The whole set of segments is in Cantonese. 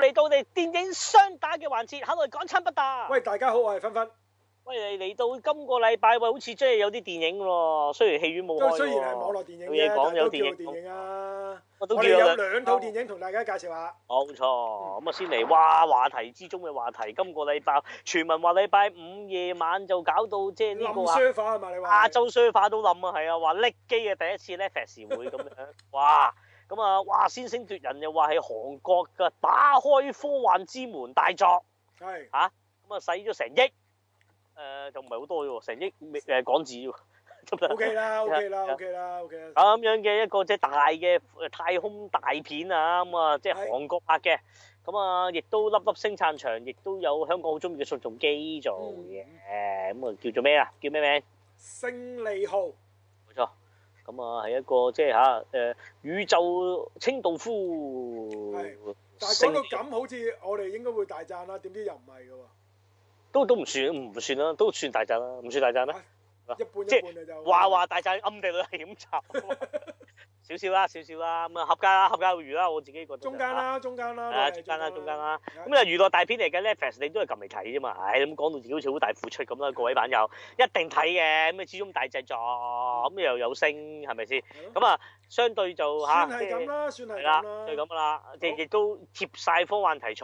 嚟到我哋電影雙打嘅環節，肯定講親不打。喂，大家好，我係芬芬。喂，嚟嚟到今個禮拜，喂，好似真係有啲電影喎。雖然戲院冇開，都雖然係網絡電影有嘢講，都叫有電影。我都有兩套電影同、啊、大家介紹下。冇、嗯、錯，咁啊先嚟哇話題之中嘅話題。今個禮拜傳聞話禮拜五夜晚就搞到即係呢個亞洲嘛，你話亞洲 s 化都冧啊，係啊，話力基嘅第一次 Netflix 會咁樣。 哇！咁啊，話先聲奪人又話係韓國嘅打開科幻之門大作，係嚇是，咁啊使咗、呃、成億，誒就唔係好多啫喎，成億誒港紙喎，O K 啦，O K 啦，O K 啦，O K 咁樣嘅一個即係大嘅太空大片啊，咁啊即係韓國拍嘅，咁是啊亦都粒粒星撐場，亦都有香港好中意嘅宋仲基做嘅，咁啊、嗯 yeah, 叫做咩啊？叫咩名？勝利號。咁、即係、啊，係一個即係嚇，宇宙清道夫。係但係講到咁，好似我哋應該會大讚啦，點知又唔係嘅喎？都都唔算唔算啦，都算大讚啦，唔算大讚咩、啊？一半一半即就話話大讚，暗地裏係咁執。少少啦，少少啦，咁啊合格啦，合格有餘啦，我自己覺得。中間啦，中間啦。係啊，中間啦，中間啦。咁啊，娛樂大片嚟嘅《Netflix》，你都係撳嚟睇啫嘛。唉，咁講到自己好似好大付出咁啦，各位版友，一定睇嘅。咁啊，始終大製作，咁又有聲，係咪先？咁啊，相對就吓，算係咁啦，算係咁啦，就係咁噶啦，亦亦都貼晒科幻題材。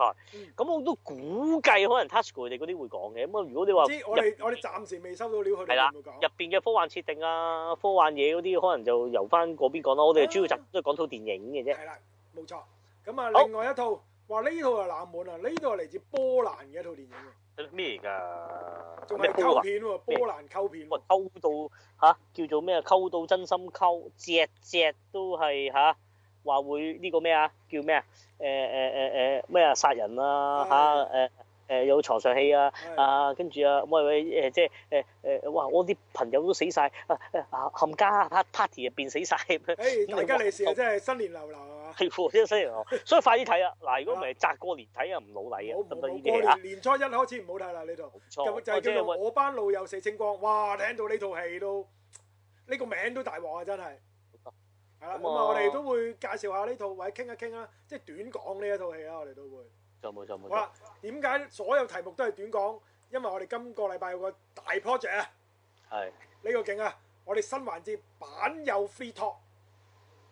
咁我都估計可能 Tasuku 佢哋嗰啲會講嘅。咁啊，如果你話，我哋我哋暫時未收到料，去，佢哋會入邊嘅科幻設定啊，科幻嘢嗰啲，可能就由翻嗰邊講咯。我哋主要集都係講套電影嘅啫，係啦，冇錯。咁啊，另外一套話呢套又冷門啊，呢套係嚟自波蘭嘅一套電影嘅。咩嚟噶？仲係溝片喎，波蘭溝片，溝到吓、啊，叫做咩啊？溝到真心溝，只只都係吓，話會呢個咩啊？叫咩、欸欸欸、啊？誒誒誒誒咩啊？殺人啊吓誒。啊誒、呃、有牀上戲啊，啊跟住啊，喂喂誒即係誒誒，哇我啲朋友都死晒，啊冚、啊、家 party 入邊死晒。Hey, 大吉利是啊哇真係新年流流啊、哦，係新年流流，啊、 所以快啲睇啊，嗱如果唔係齋過年睇啊，唔老禮啊，咁唔得嘅，年初一開始唔好睇啦呢套，就就叫做我班老友死清光，哇聽到呢套戲都呢、呢個名都大鑊啊真係，係啦，咁啊我哋都會介紹下呢套，或者傾一傾啊，即係短講呢一套戲啊，我哋都會。哇！點解所有題目都係短講？因為我哋今個禮拜有個大 project 啊，係呢的個勁啊！我哋新環節版友 free talk，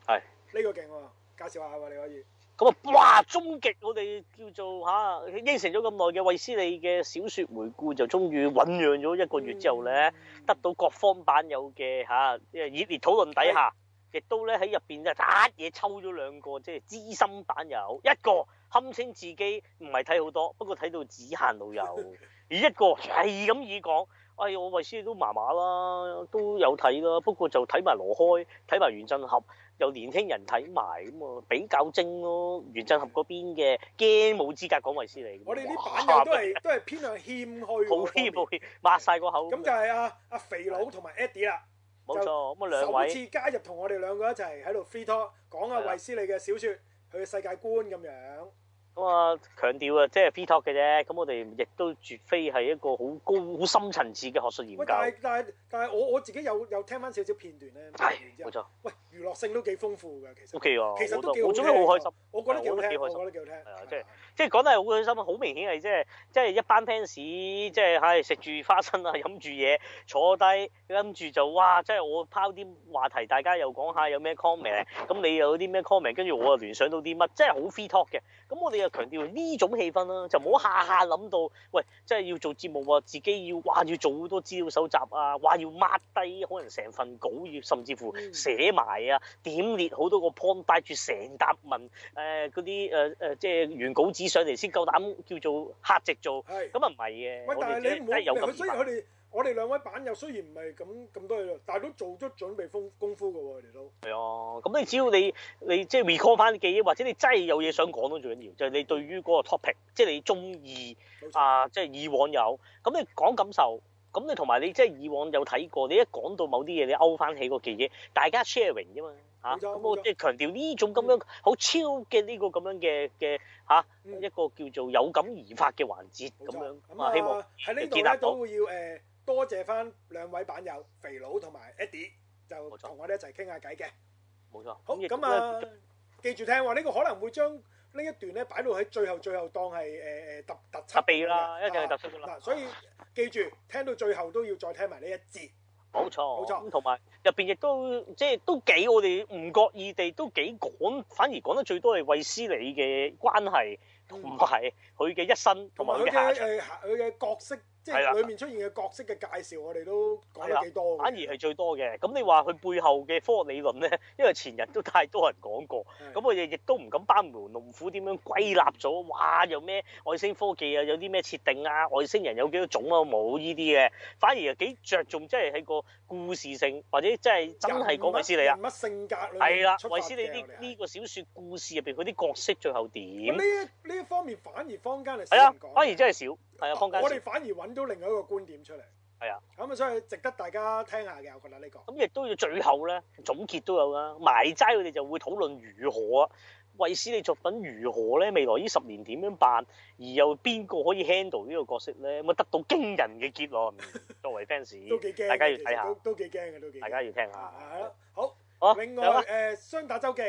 係呢的個勁喎、啊！介紹下喎，你可以咁啊！哇！終極我哋叫做吓、啊、應承咗咁耐嘅衛斯理嘅小說回顧，就終於醞釀咗一個月之後咧，嗯、得到各方版友嘅吓熱烈討論底下，亦的都咧喺入邊就乜嘢抽咗兩個即係資深版友一個。堪稱自己唔係睇好多，不過睇到只限老友。 而一個係咁易講，哎，我衛斯理都麻麻啦，都有睇啦。不過就睇埋羅開，睇埋原振俠，又年輕人睇埋咁啊，比較精咯、啊。原振俠嗰邊嘅驚冇資格講衛斯理。我哋啲版友都係 都係偏向謙虛，好謙虛，抹晒個口。咁就係阿阿肥佬同埋 Eddie 啦，冇錯咁啊，兩位首次加入同我哋兩個一齊喺度 free talk 講下衛斯理嘅小説，佢嘅的世界觀咁樣。咁啊，強調啊，即係 free talk 嘅啫。咁我哋亦都絕非係一個好高、好深層次嘅學術研究。但係但係我我自己有有聽翻少少片段咧。係，冇錯唉。如果 喂，娛樂性都幾豐富㗎，其實。O K 啊，其實都叫，我覺得好開心。我覺得幾好聽，我覺得幾好聽。係啊，即係即係講得好開心，我覺得好明顯係即係即係一班 fans，即係係食住花生啊，飲住嘢，坐低跟住就哇！即係我拋啲話題，大家又講下有咩 comment，咁你又有啲咩 comment，跟住我又聯想到啲乜，即係好 free talk 嘅。咁我哋。強調呢種氣氛啦、啊，就唔好下下諗到，喂，即係要做節目喎，自己要話要做好多資料搜集啊，話要抹低可能成份稿，要，甚至乎寫埋啊，點列好多個 point，帶住成沓文誒嗰啲誒誒，即係原稿紙上嚟先夠膽叫做客席做，咁啊唔係嘅。喂但我哋係你冇咁，所以佢哋。我哋兩位版友雖然唔係咁咁多嘢，但係都做足準備功夫嘅喎，佢哋都係啊。咁你只要你你即係 record 翻啲記憶，或者你真係有嘢想講都最緊要，就係你對於嗰個 topic，即係你中意啊，即係以往有咁你講感受，咁你同埋你即係以往有睇過，你一講到某啲嘢，你勾翻起嗰個記憶，大家 sharing 啫嘛嚇，咁我即係強調呢種咁樣好超嘅呢個咁樣嘅嘅嚇一個叫做有感而發嘅環節咁樣啊，希望建立到要多謝翻兩位版友肥佬同埋 Eddie 就同我哋一齊傾下偈嘅，冇錯。好咁啊，就記住聽話，呢、這個可能會將呢一段咧擺到喺最後，最後當係特特特備啦，呃、那一定係特輯啦。所以記住聽到最後都要再聽埋呢一節。冇錯，冇錯。同埋入面亦都即係、就是、都幾我哋唔覺意地都幾講，反而講得最多係衛斯理嘅關係同埋佢嘅一生同埋佢嘅角色。即係裏面出現嘅角色嘅介紹，的我哋都講得幾多，反而係最多嘅。咁你話佢背後嘅科學理論咧，因為前日都太多人講過，咁的我哋亦都唔敢班門弄斧點樣歸納咗。哇，有咩外星科技啊，有啲咩設定啊，外星人有幾多種啊，冇呢啲嘅，反而幾着重，即係喺個故事性或者即係真係講衛斯理啊，乜物性格類啦，衛斯理呢呢個小說故事入邊佢啲角色最後點？呢呢一方面反而坊間係少講，反而真係少。係啊，我哋反而揾到另外一個觀點出嚟。係啊，咁啊，所以值得大家聽下嘅，我覺得呢、呢個。咁亦都要最後咧總結都有啦。埋渣佢哋就會討論如何啊，衛斯理作品如何咧？未來呢十年點樣辦？而又邊個可以 handle 呢個角色咧？咁啊，得到驚人嘅結論。作為 fans，都幾驚，大家要睇下，都幾驚嘅，都幾，都大家要聽下。係咯，好。啊、有另外誒、呃，雙打周記。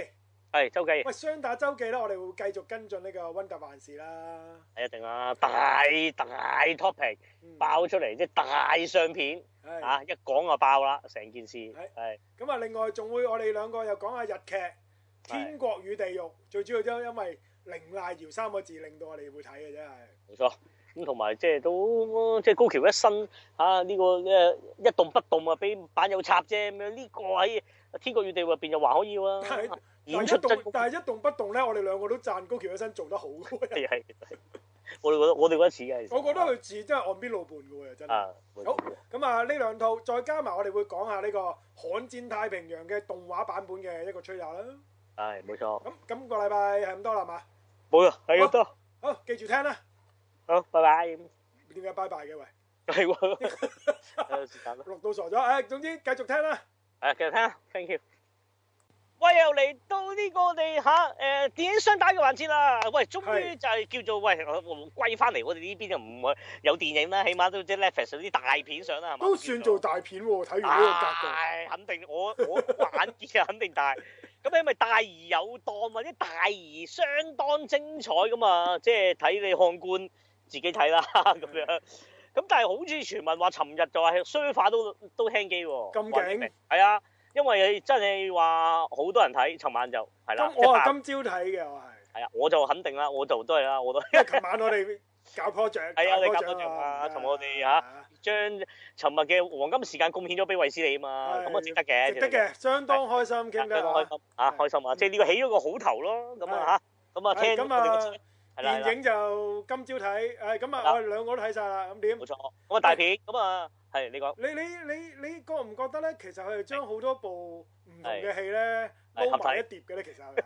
係周記，喂雙打周記咧，我哋會繼續跟進呢個汪達與幻視啦。係一定啦，大大 topic 爆出嚟，即係大相片，吓一講就爆啦，成件事係。咁啊，另外仲會我哋兩個又講下日劇《天國與地獄》，最主要都因為綾瀨遙三個字令到我哋會睇嘅真係。冇錯，咁同埋即係都即係高橋一生吓呢個一動不動啊，俾版友插啫咁樣呢個喺。天國與地獄入邊又還可以喎，演出真，但係一動不動咧，我哋兩個都讚高橋一生做得好嘅喎。係係，我哋覺得我哋覺得似嘅，我覺得佢似真係岸邊露伴嘅喎真。啊，好咁啊，呢兩套再加埋，我哋會講下呢個《悍戰太平洋》嘅動畫版本嘅一個吹下啦。係冇錯。咁今個禮拜係咁多啦嘛？冇啊，係咁多。好，記住聽啦。好，拜拜。點解拜拜嘅喂？係喎。有時間咯。錄到傻咗，唉，總之繼續聽啦。嚟，繼、啊、續聽 thank you 喂、這個呃。喂，又嚟到呢個我哋吓，誒是，電影商打嘅環節啦。喂，終於就係叫做喂，我歸翻嚟我哋呢邊就唔會有電影啦，起碼都即係 Netflix 啲大片相啦，係嘛？都算做大片喎，睇完呢個格局。大、啊，肯定，我我罕見啊，肯定大。咁你咪大而有當，或者大而相當精彩咁嘛？即係睇你看官自己睇啦，咁樣。嗯咁但係好似傳聞話，尋日就話係沙化都都聽機喎，咁勁係啊，因為真係話好多人睇，尋晚就係啦。我話今朝睇嘅我係，係啊，我就肯定啦，我就都係啦，我都。因為尋晚我哋搞 project，係啊，你搞 project 啊，同我哋嚇將尋日嘅黃金時間貢獻咗俾衛斯理啊嘛，咁啊值得嘅，值得嘅，相當開心，相當開心啊，開心啊，即係呢個起咗個好頭咯，咁啊嚇，咁啊聽。電影就今朝睇，誒、哎、咁啊，的啊，我哋兩個都睇晒啦，咁點？冇錯，咁、那、啊、個、大片，咁、欸、啊係你講。你你你你，你，你覺唔覺得咧？其實佢係將好多部唔同嘅戲咧，煲埋一碟嘅咧，其實。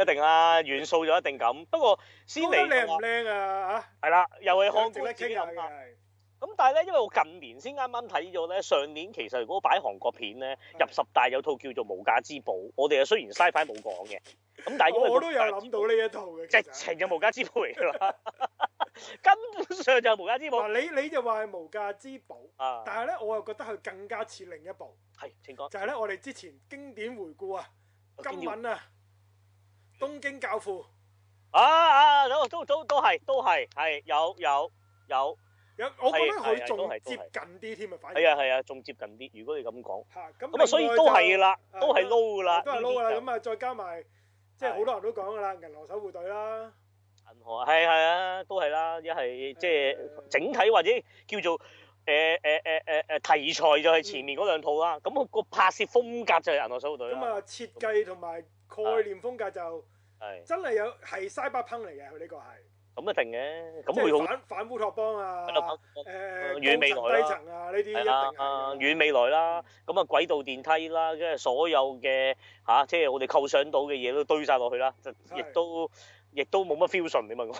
一定啦、啊，元素就一定咁。不過先嚟靚唔靚啊？吓係啦，又係香港片啊。嗯嗯嗯嗯嗯嗯嗯咁但係咧，因為我近年先啱啱睇咗咧，上年其實如果擺韓國片咧入十大有套叫做《無價之寶》，是的 我哋啊雖然 Sci-Fi 牌冇講嘅。咁但係、嗰個、我都有諗到呢一套嘅，直情就無價之寶嚟㗎啦， 根本上就係無價之寶。你你就話係無價之寶，啊、但係咧，我又覺得佢更加似另一部係請講，係，請就係咧我哋之前經典回顧啊，金敏啊，文啊啊《東京教父》啊啊都都都係都係都係係有有有。有有我覺得佢仲係接近啲添啊，反而係啊係啊，仲接近啲。如果你咁講吓，咁啊，所以都係噶啦，都係 low 噶啦，都係 low 啦。咁啊，再加埋即係好多人都講噶的啦，《銀河守護隊》啦，銀河係係啊，都係啦。一係即係整體或者叫做誒誒誒誒誒題材就係前面嗰兩套啦。咁、嗯、個拍攝風格就係《銀河守護隊》啦。咁啊，設計同埋概念風格就係真係有係 Cyberpunk 嚟嘅，佢呢、呢個係。咁一定嘅，咁會好反反烏托邦啊！誒，遠未來啦，遠未來啦，咁啊，軌道電梯啦，跟住所有嘅嚇、啊，即係我哋構想到嘅嘢都堆晒落去啦，就亦都亦都冇乜 fusion，你問我，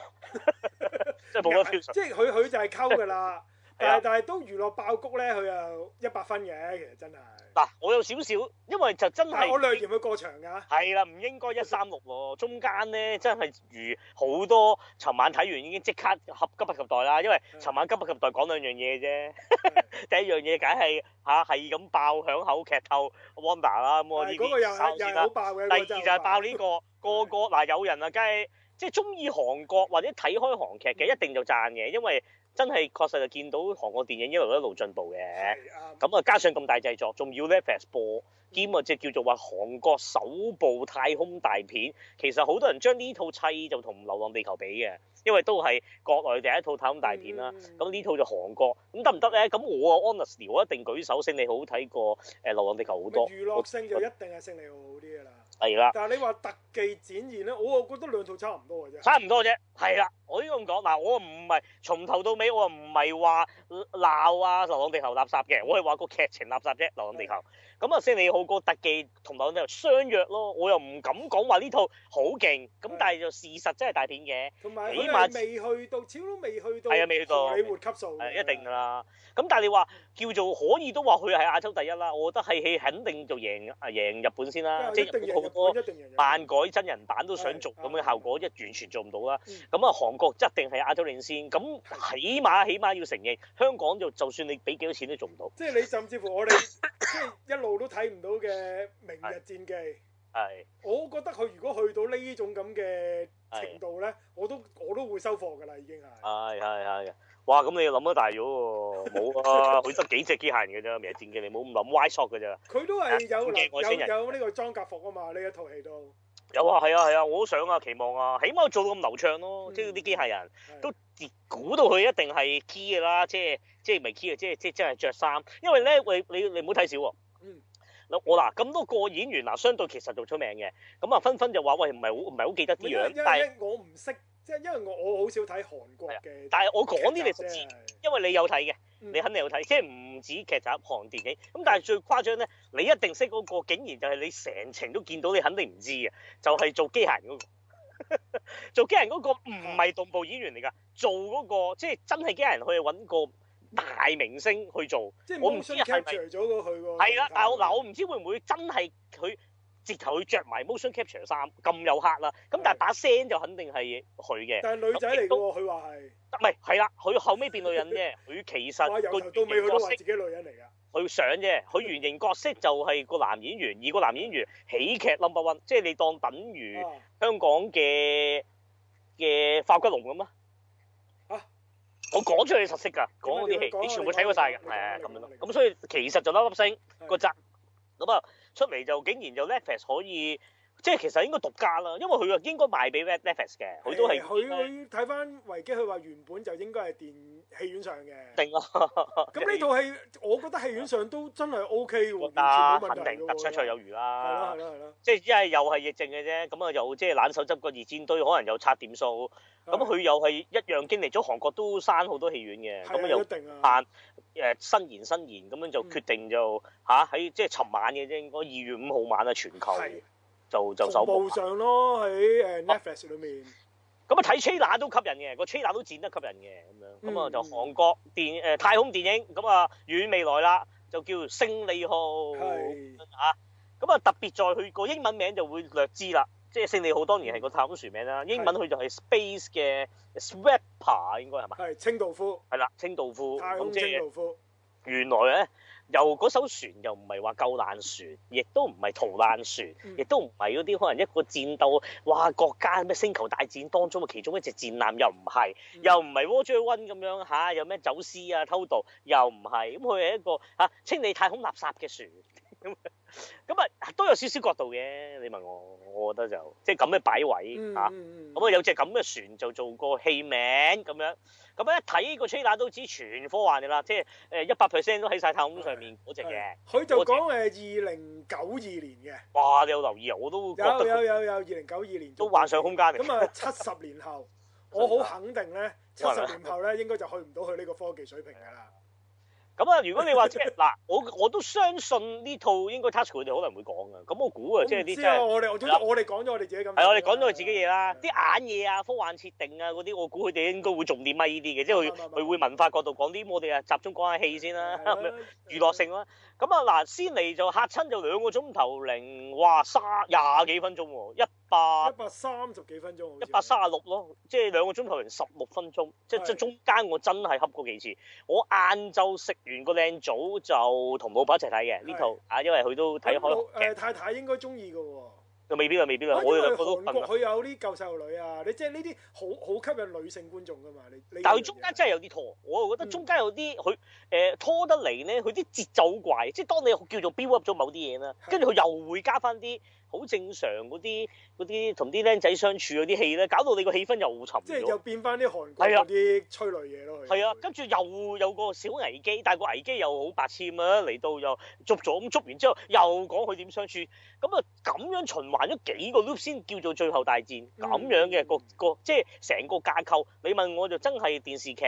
即係冇乜 fusion。即係佢佢就係溝㗎啦，但係但係都娛樂爆谷咧，佢又一百分嘅，其實真係。嗱、啊，我有少少，因為就真係我兩條去過場㗎，係啦，唔應該一三六喎，中間咧、嗯、真係如好多。尋晚睇完已經即刻合急不及待啦，因為尋晚急不及待講兩樣嘢啫。嗯、 第一、就是啊、是樣嘢梗係吓，係咁爆響口劇透，哇！嗱啦咁，我呢邊，我呢些個又又爆嘅，那個、爆第二就係爆呢、這個嗯、個個個嗱，呃、的有人啊，梗係即係中意韓國或者睇開韓劇嘅，嗯、一定就讚嘅，因為。真係確實就見到韓國電影一路一路進步嘅，咁啊加上咁大製作，仲要咧 first 播，兼啊即係叫做話韓國首部太空大片，其實好多人將呢套砌就同《流浪地球》比嘅。因為都係國內第一套太空大片啦，咁呢、嗯、套就韓國，咁得唔得咧？咁我啊，honest，我一定舉手勝利好睇過《誒、呃、流浪地球》好多。娛樂性就一定係勝利好啲噶啦。係啦我。了但你話特技展現咧，我啊覺得兩套差唔多嘅啫。差唔多啫。係啦，我呢咁講嗱，我唔係從頭到尾我啊唔係話鬧啊《流浪地球》垃圾嘅，我係話個劇情垃圾啫，《流浪地球》。咁啊，先你好過特技同埋我哋相約咯，我又唔敢講話呢套好勁，咁但係就事實真係大片嘅，起碼未去到，始終未去到體活級數，係一定噶啦。咁但係你話叫做可以都話佢係亞洲第一啦，我覺得係戲肯定就贏啊贏日本先啦，即係好多漫改真人版都想做咁嘅效果，一完全做唔到啦。咁啊，韓國一定係亞洲領先，咁起碼起碼要承認香港就就算你俾幾多錢都做唔到。即係你甚至乎我哋即係一路，都睇唔到嘅明日戰記，係我覺得佢如果去到呢種咁嘅程度咧是，我都我都會收貨㗎啦。已經係係係係，哇！咁你諗得大咗喎，冇 啊，佢得幾隻機械人嘅啫，明日戰記你冇咁諗歪索嘅啫。佢都係有、啊、有有呢個裝甲服啊嘛，呢是一套戲都有啊，係啊係啊，我都想啊，期望啊，起碼做到咁流暢咯，嗯、即係啲機械人是都估到佢一定係 key 嘅啦，即係即係唔 key 嘅，即係即係真係着衫，因為咧，喂，你你你唔好睇少我嗱咁多個演員嗱、啊，相對其實做出名嘅，咁啊紛紛就話喂，唔係好唔係好記得啲樣，是但係是我唔識，即、就、係、是、因為我我好少睇韓國嘅，但係我講啲你知，因為你有睇嘅，你肯定有睇，嗯、即係唔止劇集、韓電影，咁但係最誇張咧，你一定識嗰、那個，竟然就係你成程都見到，你肯定唔知嘅，就係、是、做機械人嗰、那個， 做機械人嗰個唔係動步演員嚟噶，嗯、做嗰、那個即係真係機械人去揾個。大明星去做，即係我唔知係咪咗到佢喎。係啦，嗱，嗱、啊，我唔知會唔會真係佢直頭佢着埋 motion capture 衫咁有客啦。咁的但係把聲就肯定係佢嘅。但係女仔嚟喎，佢話係。唔係，係啦，佢、啊、後尾變女人啫。佢 其實個原型角色係女人嚟噶。佢上啫，佢原型角色就係個男演員，而個男演員喜劇 number、no. one，即係你當等於香港嘅嘅發骨龍咁啊。我講出嚟你實識㗎，講嗰啲戲，你全部睇過晒㗎，係咁樣咯。咁、啊、所以其實就粒粒星個質，咁、這、啊、個、出嚟就竟然就 Netflix 可以。即係其實應該獨家啦，因為佢話應該賣俾 Netflix 嘅，佢都係佢睇翻維基，佢話原本就應該係電戲院上嘅。定啊了？咁 呢套戲我覺得戲院上都真係 O K 嘅喎，完全肯定出有餘啦。係咯係咯係咯，即係一係又係疫症嘅啫，咁啊又即係冷手執個二戰堆，可能又刷點數。咁佢的又係一樣經歷咗韓國都閂好多戲院嘅，咁又限誒新延新延，咁樣就決定就吓，喺、嗯啊、即係尋晚嘅啫，應該二月五號晚啊全球。就就首部上咯喺誒 Netflix 裏面。咁啊睇 trailer、er、都吸引嘅，個 trailer、er、都剪得吸引嘅咁樣，咁啊、嗯、就韓國電誒、呃、太空電影，咁啊遠未來啦，就叫勝利號嚇，咁是啊特別在佢個英文名就會略知啦，即係勝利號當然係個太空船名啦，是英文佢就係 Space 嘅 Sweeper 應該係嘛，係清道夫，係啦清道夫，太空清道夫，道夫原來咧。又嗰艘船又唔係話舊爛船，亦都唔係逃難船，亦都唔係嗰啲可能一個戰鬥哇國家咩星球大戰當中嘅其中一隻戰艦又唔係，又唔係 Warzone 咁樣下有咩走私啊偷渡又唔係，咁佢係一個嚇清理太空垃圾嘅船。咁咁啊，都有少少角度嘅。你問我，我覺得就即係咁嘅擺位嚇。咁、嗯嗯嗯、啊，有隻咁嘅船就做個戲名咁樣。咁啊，一睇個 trailer 都知全科幻嘅啦。即係誒一百 percent 都喺晒太空上面嗰隻嘅。佢的就講誒二零九二年嘅。哇！你有留意啊？我都覺得有有有有二零九二年都幻想空間嘅。咁啊，七十年後 我好肯定咧，七十的年後咧應該就去唔到佢呢個科技水平㗎啦。咁啊！ 如果你話嗱，我我都相信呢套應該 Touch 佢哋可能會講嘅。咁我估啊，即係啲即係我哋們的我哋講咗我哋自己咁。係啊，我哋講咗佢自己嘢啦，啲對對眼嘢啊、科幻設定啊嗰啲，我估佢哋應該會重點咪呢啲嘅，即係佢佢會文化角度講啲。我哋啊，集中講下戲先啦， 娛樂性啦。咁啊嗱，先嚟就嚇親就兩個鐘頭零，哇，卅廿幾分鐘喎、啊、一。一百三十幾分鐘，一百三十六咯，6，即係兩個鐘頭零十六分鐘，的即係即係中間我真係恰過幾次。我晏晝食完個靚組就同老婆一齊睇嘅呢套啊，的因為佢都睇開咯。太太應該中意嘅喎，未必，就未必。啦我。為我我韓國佢有啲舊細路女啊，你即係呢啲好好吸引女性觀眾噶嘛？你但係佢中間真係有啲拖，嗯、我又覺得中間有啲佢誒拖得嚟咧，佢啲節奏怪，即係當你叫做 build up 咗某啲嘢啦，跟住佢又會加翻啲。好正常嗰啲嗰啲同啲僆仔相處嗰啲戲咧，搞到你個氣氛又沉咗。即係又變翻啲韓國嗰啲催淚嘢咯。係啊，跟住又有個小危機，但係個危機又好白痴啊！嚟到又捉咗，咁捉完之後又講佢點相處，咁啊咁樣循環咗幾個 loop 先叫做最後大戰。咁樣嘅、嗯、個,個即係成個架構，你問我就真係電視劇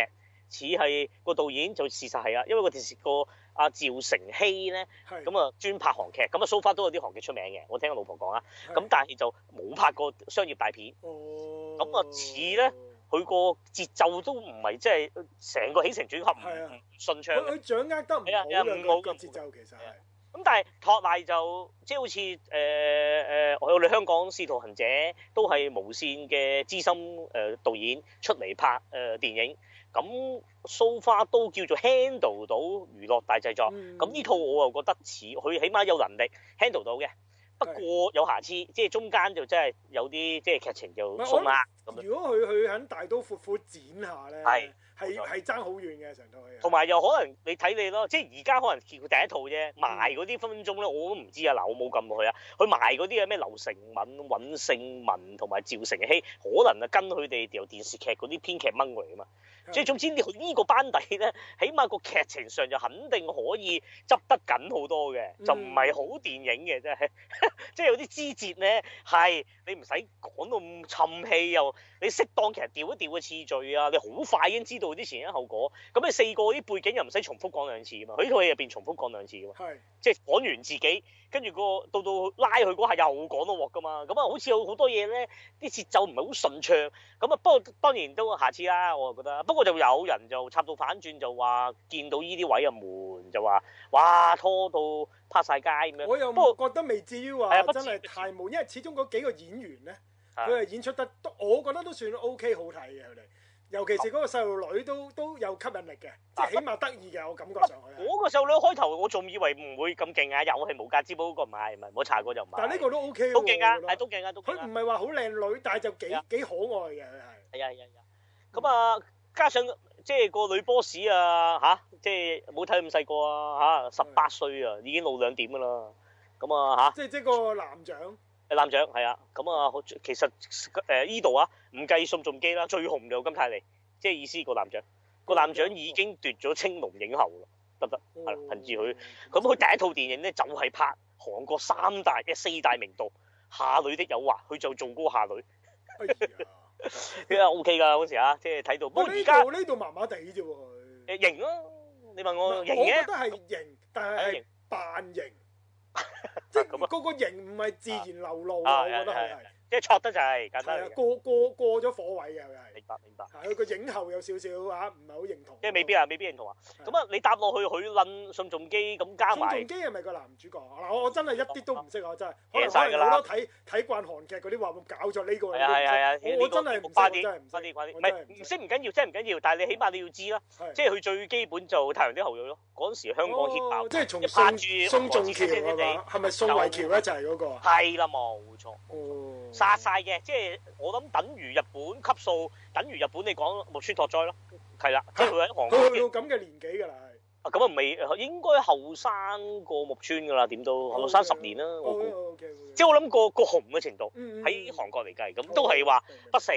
似係個導演就事實係啊，因為個電視、個。阿趙成熙咧，咁啊是的 專拍韓劇，咁啊 so far 都有啲韓劇出名嘅，我聽我老婆講啊，咁是的 但係就冇拍過商業大片，咁啊似咧佢個節奏都唔係，即係成個起承轉合唔順暢，佢掌握得唔好，咁但係托賴就即係好似誒誒我哋香港《使徒行者》都係無線嘅資深誒導演出嚟拍誒電影。咁 a 花都叫做 handle 到娛樂大製作，咁呢、嗯、套我又覺得似佢起碼有能力 handle 到嘅，不過有瑕疵，的即係中間就真係有啲即係劇情就鬆啦。如果佢去喺大刀闊斧剪下咧，係係係爭好遠嘅成套戲。同埋又可能你睇你咯，即係而家可能接佢第一套啫，嗯、賣嗰啲分分鐘咧我都唔知啊。嗱，我冇撳落去啊，佢賣嗰啲啊咩劉成敏、尹盛文同埋趙成希，可能啊跟佢哋由電視劇嗰啲編劇掹嚟啊嘛。即係是的 總之呢呢個班底咧，起碼個劇情上就肯定可以執得緊好多嘅，就唔係好電影嘅啫。嗯、 即係有啲枝節咧係你唔使講到咁沉氣又。你適當其實調一調個次序啊，你好快已經知道啲前因後果。咁你四個啲背景又唔使重複講兩次嘛。佢呢套戲入邊重複講兩次噶嘛，是即係講完自己，跟住、個到到拉佢嗰下又講到鑊噶嘛。咁啊，好似有好多嘢咧，啲節奏唔係好順暢。咁啊，不過當然都下次啦，我覺得。不過就有人就插到反轉就話見到依啲位又悶，就話哇拖到拍晒街咁樣。我又不過覺得未至於話真係太悶，啊、不知不知因為始終嗰幾個演員咧，佢係演出得，我覺得都算 OK，好睇嘅佢哋，尤其是嗰個細路女都都有吸引力嘅，即係起碼得意嘅，我感覺上去。嗰個細路女開頭我仲以為唔會咁勁啊，又係無價之寶嗰個，唔係唔係，唔好查過就唔係。但係呢個都 OK 都勁啊，係都勁啊，都勁，佢唔係話好靚女，但係就幾幾可愛嘅佢係。係啊係啊，咁啊，加上即係個女 boss 啊，吓，即係冇睇咁細個啊，吓，十八歲啊，已經老兩點㗎啦，咁啊吓，即係即係個男長。男艦係啊，咁啊，其實誒呢度啊，唔計宋仲基啦，最紅就金泰梨，即係意思是個男艦，個男艦已經奪咗青龍影后啦，得唔得？係啦，憑住佢，咁佢第一套電影咧就係、是、拍韓國三大即、嗯、四大名導，《下女的誘惑》，佢就做嗰個下女，哎呀，O K 㗎嗰時啊，即係睇到。不過而家呢度麻麻地啫喎。誒型咯，你問我，啊、我覺得係型，但係係扮型。即係個個型唔係自然流露喎，我覺得係，啊。啊啊即係錯得就簡單過過過咗火位嘅，明白明白。佢個影后有少少嚇，唔係好認同。即係未必啊，未必認同啊。咁啊，你搭落去，佢揾宋仲基咁加埋。宋仲基係咪個男主角？嗱，我我真係一啲都唔識啊，真係。嘢睇㗎啦。好多睇睇慣韓劇嗰啲話會搞錯呢個嘅。係係啊，呢個花啲花啲花啲。唔係唔識唔緊要，真係唔緊要。但係你起碼你要知啦。即係佢最基本就《太陽的後裔》咯。嗰時香港 heat 即係從宋宋仲基啊嘛。係咪宋慧喬咧就係嗰個？係啦，冇錯。殺晒嘅，即係我諗等於日本級數，等於日本你講木村拓哉咯。係啦，即係佢喺韓國到咁嘅年紀噶啦，啊，咁啊未，應該後生過木村噶啦，點都後生十年啦，我估。即係我諗個個紅嘅程度喺韓國嚟計，咁都係話不死。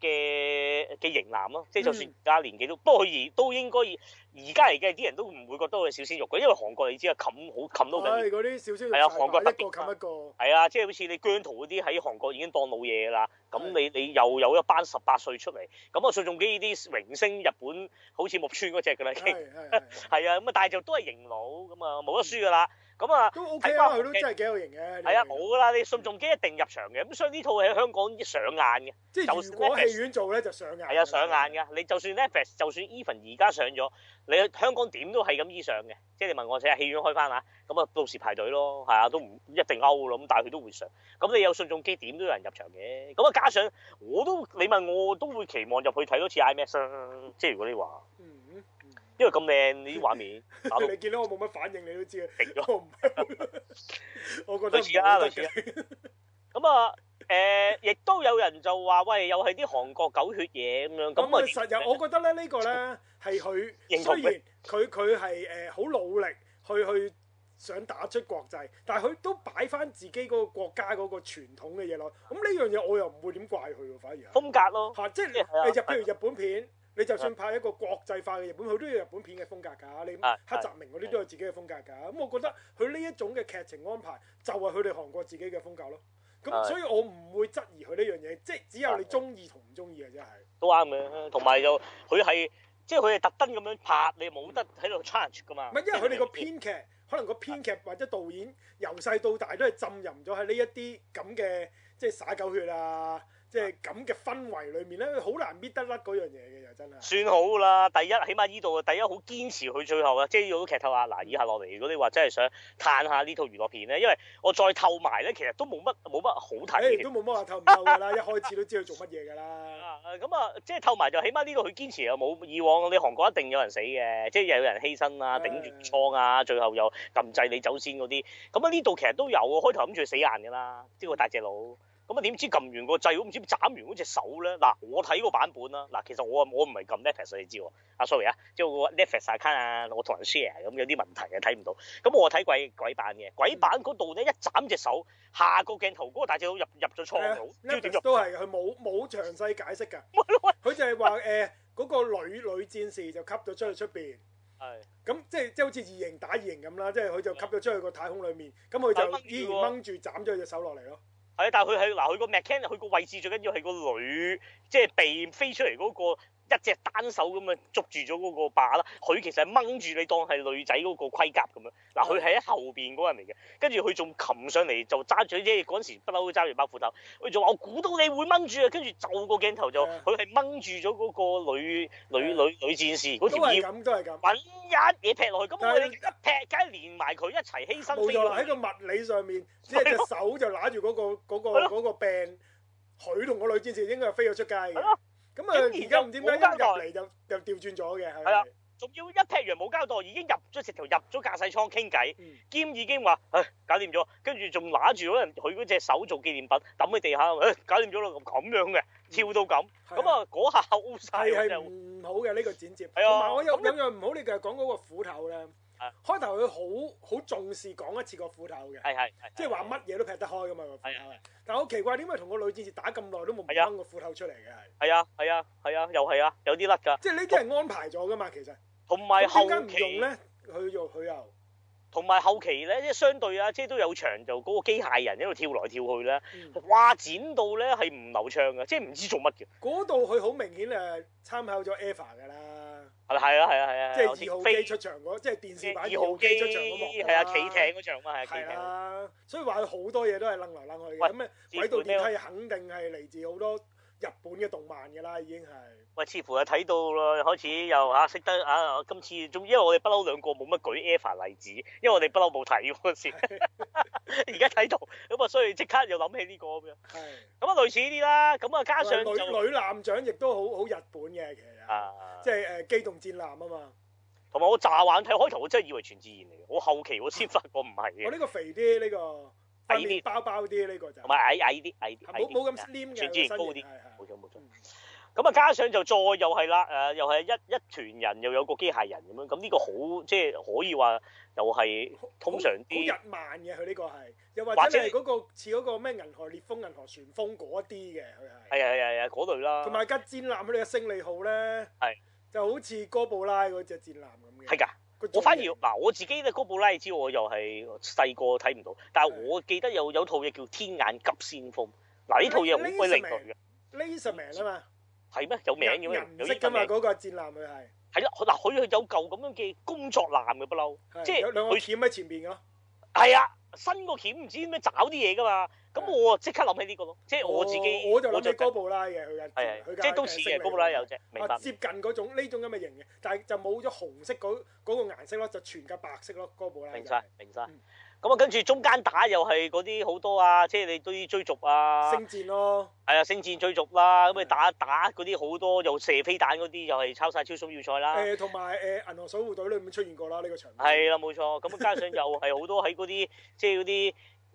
嘅嘅型男咯、啊，即係就算而家年紀都，不過佢而都應該而家嚟嘅啲人都唔會覺得佢小鮮肉嘅，因為韓國你知啊，冚好冚到緊。係、哎、啊，韓國得一個冚一個。係啊，即係好似你姜濤嗰啲喺韓國已經當老嘢啦，咁的你你又有一班十八歲出嚟，咁啊宋仲基呢啲明星，日本好似木村嗰隻㗎啦，已係係啊，咁啊但係就都係型佬，咁啊冇得輸㗎啦。的咁啊，都 OK 啦、啊，佢為都真係幾有型嘅。係啊的，冇噶啦，你信眾機一定入場嘅。咁所以呢套戲香港上眼嘅，即係如果戲院做咧就上眼。係啊，上眼噶的。你就算 Netflix，就算 Even 而家上咗，你香港點都係咁依上嘅。即係你問我，即係戲院開翻嚇，咁啊到時排隊咯，係啊都唔一定勾咯。咁但係佢都會上。咁你有信眾機點都有人入場嘅。咁啊加上我都你問我都會期望入去睇多次 IMAX 啦。即係如果你話。因為咁靚呢啲畫面， 你見到我冇乜反應，你都知啊。停咗弄了 我不，我唔係。我覺得而家，啊，類似咁啊，誒、 啊呃，亦都有人就話：喂，又係啲韓國狗血嘢咁樣。咁啊，實有，我覺得咧呢、呢個咧係佢雖然佢佢係誒好努力去去想打出國際，但係佢都擺翻自己嗰個國家嗰個傳統嘅嘢落。咁呢樣嘢我又唔會點怪佢喎，反而風格咯。嚇、啊！即係你，日、啊、譬如日本片。你就算拍一個國際化嘅日本，佢都有日本片嘅風格㗎。你黑澤明嗰啲都有自己嘅風格㗎。咁我覺得佢呢一種嘅劇情安排就係佢哋韓國自己嘅風格咯。咁所以我唔會質疑佢呢樣嘢，即係只有你中的、就是、意同唔中意嘅啫。係。都啱嘅，同埋就佢係即係佢係特登咁樣拍，你冇得喺度 challenge 㗎嘛。唔係，因為佢哋個編劇的可能個編劇或者導演由細的到大都係浸淫咗喺呢一啲咁嘅，即係灑狗血啊。即係咁嘅氛圍裏面咧，好難搣得甩嗰樣嘢嘅又真係。算好啦，第一起碼呢度第一好堅持佢最後啊，即係要劇透下，嗱，以下落嚟如果你話真係想嘆下呢套娛樂片咧，因為我再透埋咧，其實都冇乜冇乜好睇。誒，都冇乜話透唔透㗎啦， 一開始都知道做乜嘢㗎啦。啊，咁、呃、啊，即係透埋就起碼呢度佢堅持又冇以往你韓國一定有人死嘅，即係又有人犧牲啊，頂住瘡啊，的最後又撳掣你走先嗰啲。咁啊，呢度其實都有開頭諗住死硬㗎啦，即、這個大隻佬。咁啊？點知撳完個掣都唔知斬完嗰隻手咧？嗱，我睇個版本啦。嗱，其實我我唔係撳 Netflix 你知喎。啊，sorry 啊，即係我 Netflix 曬 card 啊，我同人 share 咁、嗯、有啲問題嘅，睇唔到。咁、嗯、我睇鬼鬼版嘅，鬼版嗰度咧，一斬隻手，下個鏡頭嗰、那個大隻佬入入咗倉度，焦點 Yeah, 都係佢冇冇詳細解釋㗎。佢 就係話誒嗰個女女戰士就吸咗出去出邊。係 。咁即係即係好似異形打異形咁啦，即係佢就吸咗出去個太空裡面，咁佢 Yeah. 就依然掹住 斬咗隻手落嚟咯。係，但佢係嗱，佢個麥肯，佢個位置最緊要係個女，即係被飛出嚟嗰個。一隻單手咁啊捉住咗嗰個把啦，佢其實掹住你當係女仔嗰個盔甲咁樣。嗱，佢係喺後邊嗰人嚟嘅，跟住佢仲擒上嚟就揸住啫。嗰陣時不嬲都揸住把斧頭，佢仲話我估到你會掹住啊。跟住就個鏡頭就佢係掹住咗嗰個女女女女戰士。都係咁，都係咁。揾一嘢劈落去，咁我哋一劈，梗係連埋佢一齊犧牲。冇錯啦，喺個物理上面，一隻手就揦住嗰個嗰個嗰個柄，佢同個女戰士應該係飛咗出街嘅。咁啊！而家唔知點解入嚟就就調轉咗嘅，係啦交。仲要一踢完冇交代，已經入咗石頭，入咗駕駛艙傾偈，兼、嗯、已經話誒搞掂咗，跟住仲拿住嗰人佢嗰隻手做紀念品抌喺地下，誒搞掂咗咯咁樣嘅，跳到咁。咁啊、嗯的，嗰下後世係唔好嘅呢個剪接，同啊的我有你有樣唔好，你就係講嗰個斧頭咧。啊、開頭佢好好重視講一次個斧頭嘅，係係、啊，即係話乜嘢都劈得開噶嘛。啊啊、但係好奇怪點解同個女戰士打咁耐都冇掹個褲頭出嚟嘅？係啊係啊係啊，又係啊，有啲甩噶。即係呢啲係安排咗噶嘛，同其實。同埋後期唔用咧，佢又佢又。同埋後期咧，即係相對啊，即係都有場就嗰、那個機械人喺度跳嚟跳去咧，哇、嗯！剪到咧係唔流暢嘅，即係唔知做乜嘅。嗰度佢好明顯誒參考咗 Eva 噶啦。係啊，係啊，係啊，即係二號機出場嗰，即係電視版二號,號機出場嗰幕，係啊，企艇嗰場嘛，係啊,啊，所以話佢好多嘢都係楞嚟楞去嘅，咁咧喂，軌道電梯肯定係嚟自好多日本嘅動漫㗎啦，已經係。喂，似乎又睇到咯，開始又啊識得啊！今次總之，因為我哋不嬲兩個冇乜舉 a v 例子，因為我哋不嬲冇睇嗰時，而家睇到咁啊，所以即刻又諗起呢、呢個咁樣。咁啊，類似啲啦。咁啊，加上女女艦長亦都好好日本嘅，其實啊，即係誒機動戰艦啊嘛。同埋我乍玩睇開頭，我真係以為全智賢嚟嘅，我後期我先發覺唔係嘅。我呢、 哦呢個肥啲，呢、呢個矮啲，包包啲呢、呢個就係。同埋矮矮啲，矮啲。冇冇咁 slim 嘅。全智賢高啲。咁啊！加上就再又係啦，誒、呃、又係一一團人，又有個機械人咁樣。咁呢個好即係可以話又係通常啲好，好日漫嘅佢呢個係，又或者係嗰者、那個似嗰個咩銀河烈風、銀河旋風嗰啲嘅佢係係係係係嗰類啦。同埋吉戰艦佢哋嘅勝利號咧係的就好似哥布拉嗰隻戰艦咁嘅係㗎。的我反而嗱我自己咧，哥布拉你知我又係細個睇唔到，但係我記得有的有套嘢叫《天眼急先鋒》嗱呢的套嘢好鬼另類嘅。Laserman 啊 Laser 嘛。係咩？有名嘅咩？有識噶嘛？嗰個戰艦佢係係啦，嗱，佢佢有舊咁樣嘅工作艦嘅不嬲，即係兩個鉗喺前邊咯。係啊，新個鉗唔知點樣找啲嘢噶嘛？咁我即刻諗起呢個咯，即係我自己，我就諗起哥布拉嘅佢有係即係都似嘅哥布拉有隻，接近嗰種呢種咁嘅型嘅，但係就冇咗紅色嗰嗰個顏色咯，就全架白色咯，哥布拉明曬，明曬。咁啊，跟住中間打又係嗰啲好多啊，即係你啲追逐啊，星戰咯，係啊，星戰追逐啦、啊，咁你打打嗰啲好多又射飛彈嗰啲又係抄曬超速要塞啦，同埋、呃呃、銀河守護隊裏面出現過啦、啊、呢、呢個場面，係啦冇錯，咁啊加上又係好多喺嗰啲即係嗰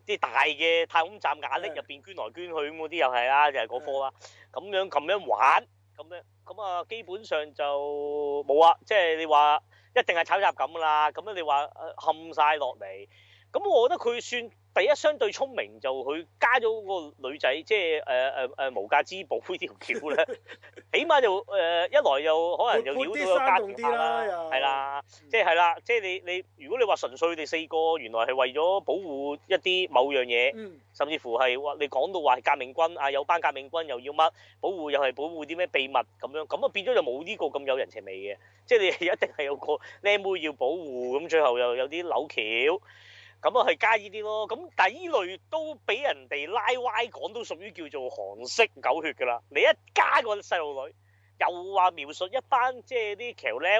啲大嘅太空站瓦礫入面捐來捐去咁嗰啲又係啦、啊，就係嗰科啦，咁、啊、樣咁樣玩咁樣，咁啊基本上就冇啊，即係你話一定係炒作咁啦，咁你話冚晒落嚟。啊。咁我覺得佢算第一，相對聰明就佢加咗個個女仔，即係誒誒誒無價之寶呢條橋咧， 起碼就誒、呃、一來又可能又繞到個家庭、啊、啦，係啦，、嗯、啦，即係係啦，即係你你如果你話純粹哋四個原來係為咗保護一啲某樣嘢，嗯、甚至乎係你講到話革命軍啊，有班革命軍又要乜保護又係保護啲咩秘密咁樣，咁啊變咗就冇呢個咁有人情味嘅，即係你一定係有個靚妹要保護，咁最後又有啲扭橋。咁啊，係加依啲咯。咁但係依類都俾人哋拉歪講，都屬於叫做韓式狗血㗎啦。你一加個細路女，又話描述一班即係啲 k i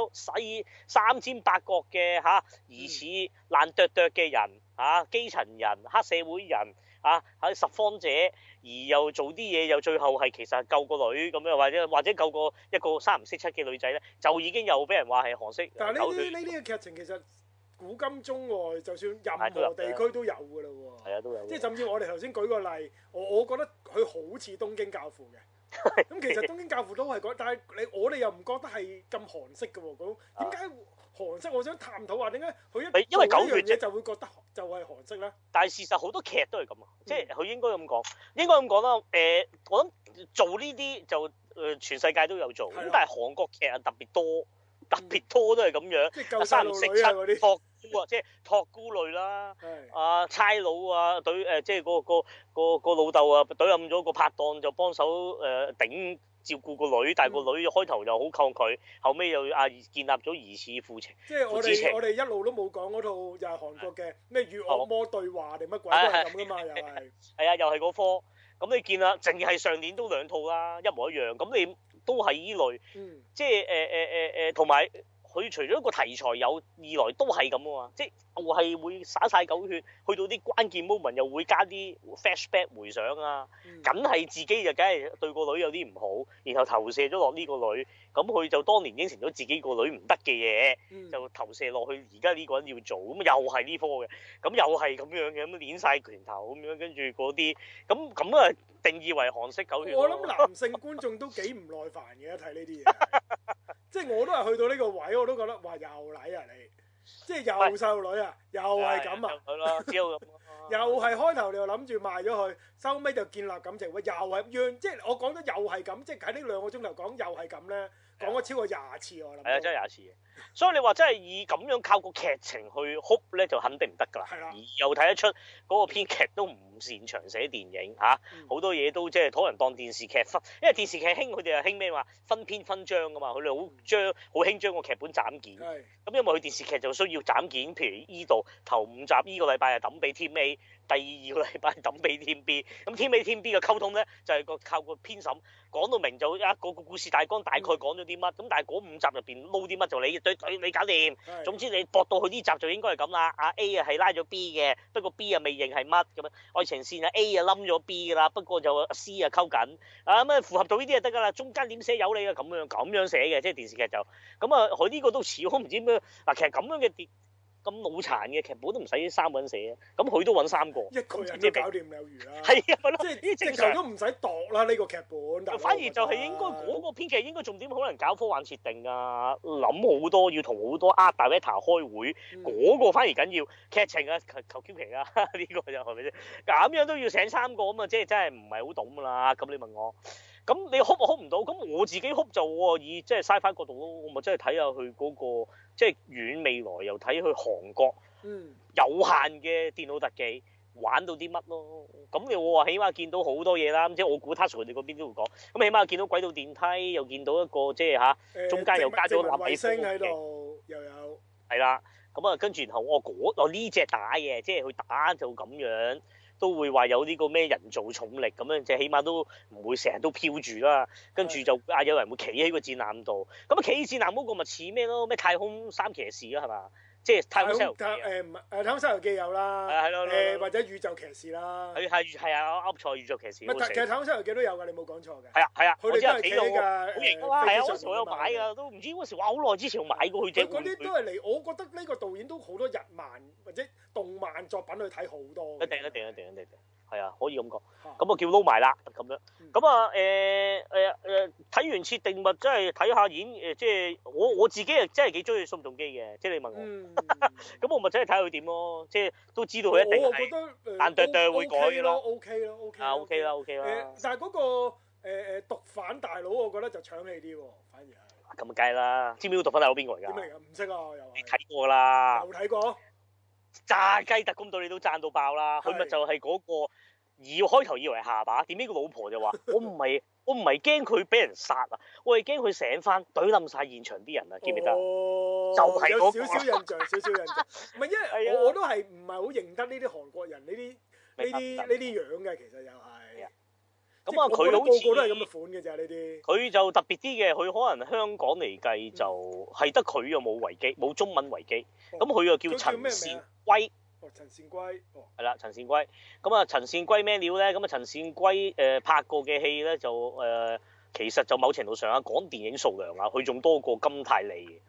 使三尖八角嘅吓疑似爛剁剁嘅人嚇、啊，基層人、黑社會人嚇，喺、啊、拾荒者，而又做啲嘢，又最後係其實救個女咁樣，或者或者救個一個三唔識七嘅女仔咧，就已經又俾人話係韓式狗血。但係呢啲呢啲嘅劇情其實。古今中外，就算任何地區都有㗎喇喎。係啊，都有。即係甚至我哋頭先舉個例，我我覺得佢好似東京教父嘅。咁的其實東京教父都係講、那個，但係你我哋又唔覺得係咁韓式嘅喎。咁點解韓式？的我想探討下點解佢一做一樣嘢就會覺得就係韓式咧？但係事實好多劇都係咁啊，即係佢應該咁講，應該咁講啦。誒、呃，我諗做呢啲就誒、呃、全世界都有做，咁的但係韓國劇啊特別多，特別多都係咁樣，生唔識出。 哇！即係託孤類啦，阿差佬啊，對誒是、啊啊呃，即係、那個、那個、那個個老豆啊，對暗咗個拍檔就幫手誒頂照顧個女，但係個女開頭又好抗拒，後尾又阿建立咗疑似父情。即係我哋我哋一路都冇講嗰套又係韓國嘅咩與惡魔對話定乜鬼好都係咁噶嘛， 又係是。係啊，又係嗰科。咁你見啦，淨係上年都兩套啦，一模一樣。咁你都係依類，嗯、即係誒誒誒誒，同、呃、埋。呃呃呃佢除咗個題材有，二來都係咁啊嘛，即係又係會灑晒狗血，去到啲關鍵 moment 又會加啲 flashback 回想啊，梗係、嗯、自己就梗係對個女有啲唔好，然後投射咗落呢個女，咁佢就當年應承咗自己個女唔得嘅嘢，嗯、就投射落去而家呢個人要做，咁又係呢科嘅，咁又係咁樣嘅，咁捻晒拳頭咁樣，跟住嗰啲，咁咁啊定義為韓式狗血。我諗男性觀眾都幾唔耐煩嘅睇呢啲嘢。即係我都係去到呢個位，我都覺得哇又嚟啊你，即係又瘦女啊，又係咁啊， 又係開頭你又諗住賣咗佢，收尾就建立感情喂，又係咁，即係我講得又係咁，即係喺呢兩個鐘頭講又係咁咧，講咗超過廿次我諗係啊，真係廿次的。 所以你話真係以咁樣靠個劇情去哭咧，就肯定唔得㗎啦。係啦的，而又睇得出嗰、那個編劇都唔擅長寫電影嚇，好、啊嗯、多嘢都即係可能當電視劇分，因為電視劇興，佢哋又興咩話分篇分章㗎嘛，佢哋好將好興、嗯、將個劇本斬件。係的。咁因為佢電視劇就需要斬件，譬如依度頭五集依個禮拜又抌俾 TMA。A, 第二二個禮拜抌俾天 B，咁天 A 天 B 嘅溝通咧就係個靠個編審講到明就啊個,個故事大綱大概講咗啲乜，咁但係嗰五集入邊撈啲乜就你對,對你搞掂，的總之你駁到佢呢集就應該係咁啦。啊 A 啊係拉咗 B 嘅，不過 B 啊未認係乜咁樣，愛情線啊 A 啊冧咗 B 啦，不過就 C 就溝啊溝緊啊咁啊符合到呢啲就得㗎啦。中間點寫有你啊咁樣咁樣寫嘅，即係電視劇就咁啊，佢呢個都似，我唔知咩嗱、啊，其實咁樣嘅跌。咁腦殘嘅劇本都唔使三個人寫，咁佢都搵三個，一個人都搞掂有餘啦。係啊， 即係啲劇情都唔使度啦，呢個劇本。反而就係應該嗰個編劇應該重點可能搞科幻設定啊，諗好多要同好多啊大 Veta 開會，嗰、嗯、個反而緊要。劇情啊，求求其其啊，呢個就係咪先？咁樣都要醒三個咁啊，即係真係唔係好懂噶啦。咁你問我，咁你哭哭唔到，咁我自己哭就以即係嘥翻角度，我咪真係睇下佢嗰、嗰個。即係遠未來又睇去韓國，有限嘅電腦特技玩到啲乜咯？咁你我話起碼見到好多嘢啦。即係我估他 a s e 你嗰邊都會講。咁起碼見到鬼道電梯，又見到一個即係嚇，中間又加咗立體聲喺度，又有係啦。咁啊，跟住然後我嗰我呢隻打嘅，即係佢打就咁樣。都會話有呢個咩人造重力咁樣，即係起碼都唔會成日都漂住啦。跟住就啊，有人會企喺個戰艦度，咁啊企戰艦嗰個咪似咩咯？咩太空三騎士啊，係嘛？即係太空西遊誒，唔係，誒太空西遊記有啦，誒或者宇宙騎士啦，係係係啊，我噏錯宇宙騎士。其實太空西遊記都有㗎，你冇講錯嘅。係啊係啊，佢哋都係睇嘅，好型啊，係嗰時我有買㗎，都唔知嗰時我好耐之前買過佢哋。嗰啲都係嚟，我覺得呢個導演都好多日漫或者動漫作品去睇好多。一定一定一定一定。係啊，可以咁講，咁啊叫撈埋啦咁樣。咁啊誒誒睇完設定物，真係睇下呃、即係睇下演即係我我自己啊，真係幾中意宋仲基嘅。即係你問我，咁、嗯、我咪真係睇佢點咯，即係都知道佢一定係。我覺得誒，O K 咯，O K 咯，O K 啦，O K 啦。誒，但係、那、嗰個誒、呃、毒販大佬，我覺得就搶你啲喎，反而係。咁計啦，知唔知毒販大佬邊個嚟㗎？點嚟㗎？唔識啊，我又。你睇過啦。睇炸雞特工隊你都讚到爆啦，佢咪是就係嗰、嗰個，以開頭以為係下巴，點知個老婆就話，我唔係，我唔係驚佢俾人殺啊，我係驚佢醒翻，懟冧晒現場啲人啊，記唔記得？哦、就係嗰個有少少印象，少少印象。唔係 因為我，啊、我我都係唔係好認得呢啲韓國人呢啲呢啲呢啲樣嘅，其實又。咁啊，佢、嗯、是好似都係咁嘅款嘅咋。呢啲。佢就特別啲嘅，佢可能香港嚟計就係得佢又冇維基，冇中文維基。咁佢又叫陳善圭。哦，陳善圭。哦。係啦，陳善圭。咁、嗯、啊、嗯，陳善圭咩料咧？咁啊，陳善圭誒、呃、拍過嘅戲咧就誒、呃，其實就某程度上啊，講電影數量啊，佢仲多過金泰梨。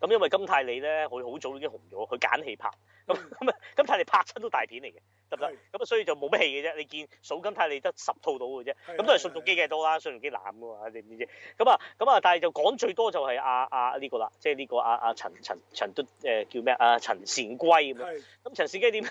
咁因為金泰梨咧，佢好早已經紅咗，佢揀戲拍。咁咁啊，咁 泰利拍親都大片嚟嘅，得唔得？咁啊，所以就冇咩戲嘅啫。你見數金泰利得十套到嘅啫，咁是的 都係宋仲基嘅多啦，宋仲基攬嘅嘛，你知唔知？咁啊，咁啊，但係就講最多就係阿啊呢、啊這個啦，即係呢個阿阿陳陳陳都、呃、叫咩？阿、啊、是的 陳善圭咁樣。咁陳善圭點啊？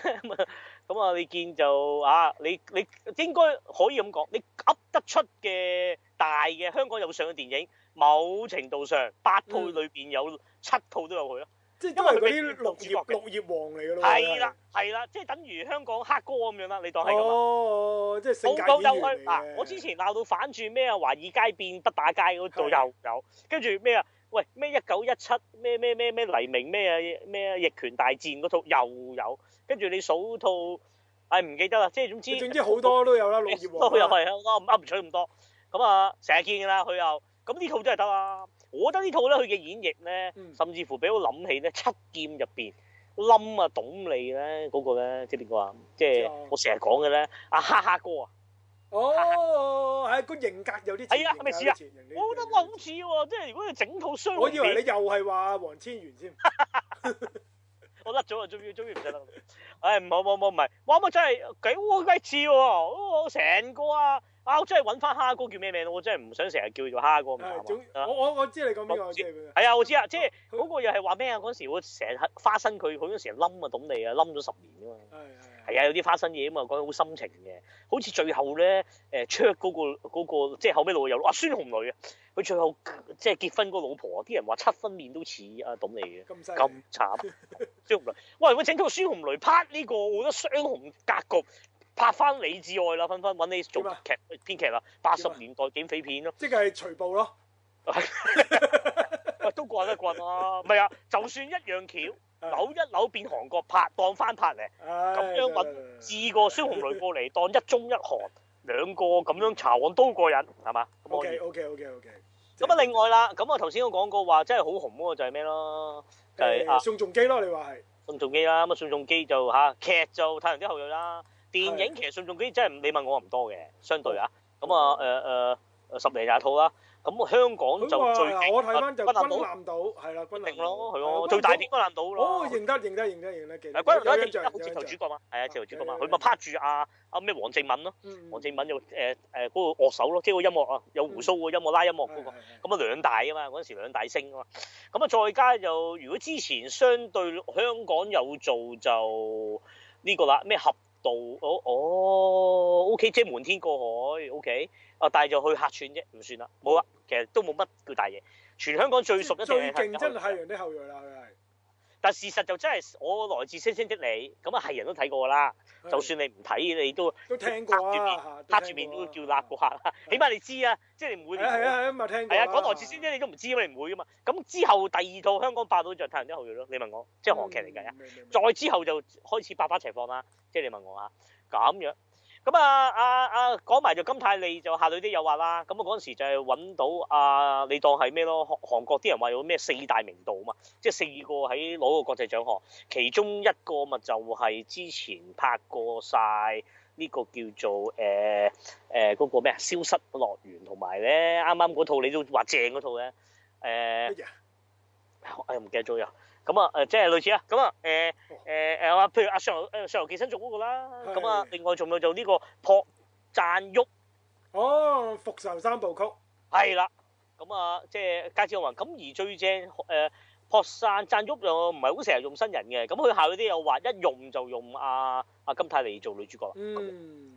咁啊，你見就啊，你你應該可以咁講，你噏得出嘅大嘅香港有上嘅電影，某程度上八套裏面，有是的 七套都有佢咯。因為佢啲綠葉綠葉王嚟嘅咯，係啦係啦，即係等於香港黑哥咁樣啦，你當係咁啊！哦，即係性格演員嚟啊！我之前鬧到反轉咩啊，華爾街變北打街嗰度的又，又有，跟住咩啊？喂，咩一九一七咩咩咩咩黎明咩啊咩啊，逆權大戰嗰套又有，跟住你數套，誒、哎、唔記得啦。即係總之總之好多都有啦，綠葉王。佢又係我噏唔出咁多，咁啊成日見㗎啦，佢又咁呢套真係得啊！我覺得呢套咧，佢嘅演繹咧，甚至乎俾我諗起咧《七劍》入邊冧啊董利咧嗰個咧，即係點講啊？即係我成日講嘅咧，阿哈哈哥啊！哦，係個型格有啲似啊！我覺得哇，好似喎！即係如果你整套衰，我以為你又係話黃千源先，我甩咗啊！終於，終於唔使甩。誒唔好唔好唔係，我真係幾窩鬼似喎！哦，成個啊！啊！我真係揾翻蝦哥叫咩名，我真係唔想成日叫佢做蝦哥咁慘、嗯、吧我我我知你講，我知係啊！我知啊！即係嗰個又係話咩啊？嗰時我成日花生佢，好嗰陣時冧啊，董麗啊，冧咗十年噶嘛。係、嗯嗯嗯嗯、啊！有啲花生嘢啊嘛，講得好心情嘅。好似最後咧，誒卓嗰個嗰、嗰個即係後尾老友啊孫紅雷啊，佢最後即係結婚嗰個老婆啲人話七分面都似阿董麗嘅，咁咁慘。孫紅雷，喂！如果整到孫紅雷拍呢個，我覺得雙紅格局。拍翻李治外啦，分分揾你做劇編、啊、劇啦，八十年代警匪片、啊、是徐咯，即係隨報咯。都過得過啦，唔係啊，就算一樣橋扭一扭變韓國拍，當翻拍嚟，咁樣揾自過孫紅雷過嚟當一中一韓 兩個咁樣查案都過癮，係嘛？咁可以。OK OK OK OK。咁啊，另外啦，咁我頭先都講過話，真係好紅嗰個就係咩咯？就係宋仲基咯，你話係？宋仲基啦，咁啊，宋仲基就嚇劇就《太陽之後裔》啦。電影其實《信眾機》真係你問我唔多嘅，相對啊，咁啊誒十零廿套啦。咁香港就最我啊，《軍艦軍艦島》係啦，《軍艦島》係咯，最大碟《軍艦島》咯。哦，認得認得認得認得記。《軍艦島》好，接直頭主角嘛，係啊，接頭主角嘛，佢咪拍住阿阿咩黃政民咯，黃政民就誒誒嗰個樂手咯，即係個音樂啊，有鬍鬚個音樂拉音樂嗰個，咁啊兩大啊嘛，嗰陣時兩大聲啊嘛，咁啊再加就如果之前相對香港有做就呢個啦，咩合？道哦哦，O、OK, K，即係瞞天過海，O K，啊，帶、OK, 咗去客串啫，唔算啦，冇啦，其實都冇乜叫大嘢，全香港最熟嘅係。最勁真係太陽的後裔啦，佢係。但事實就真係我來自星星的你咁啊，係人都睇過啦。就算你唔睇，你都都聽過啊。黑住面都叫八卦啦，起碼你知啊，即係你唔會。係啊係啊，咁啊啊聽過，講來自星星你都唔知，你唔會噶嘛。咁之後第二套香港霸到著泰人啲好嘢咯。你問我，即係韓劇嚟㗎。再之後就開始百花齊放啦。即係你問我嚇，咁樣。咁啊，啊啊講埋就金泰利就下裏啲誘惑啦。咁啊嗰陣時就係揾到啊，你當係咩咯？韓韓國啲人話有咩四大名導嘛，即係四個喺攞個國際獎項，其中一個咪就係之前拍過晒呢個叫做誒嗰、呃呃嗰個咩啊《消失樂園》呢，同埋咧啱啱嗰套你都話正嗰套咧誒。呃、哎呀，唔、哎、記得咗呀～咁啊，誒，即係類似啊，咁啊，誒、欸，誒、欸，誒、啊，譬如阿上誒，上流寄生族嗰個啦，咁的啊，的另外仲有做呢個朴贊郁，哦，復仇三部曲，係啦，咁啊，即係家姐話，咁而最正，誒、呃。學生賺喐又唔係好成日用新人嘅，咁佢下嗰啲又話一用就用阿阿金泰梨做女主角啦，咁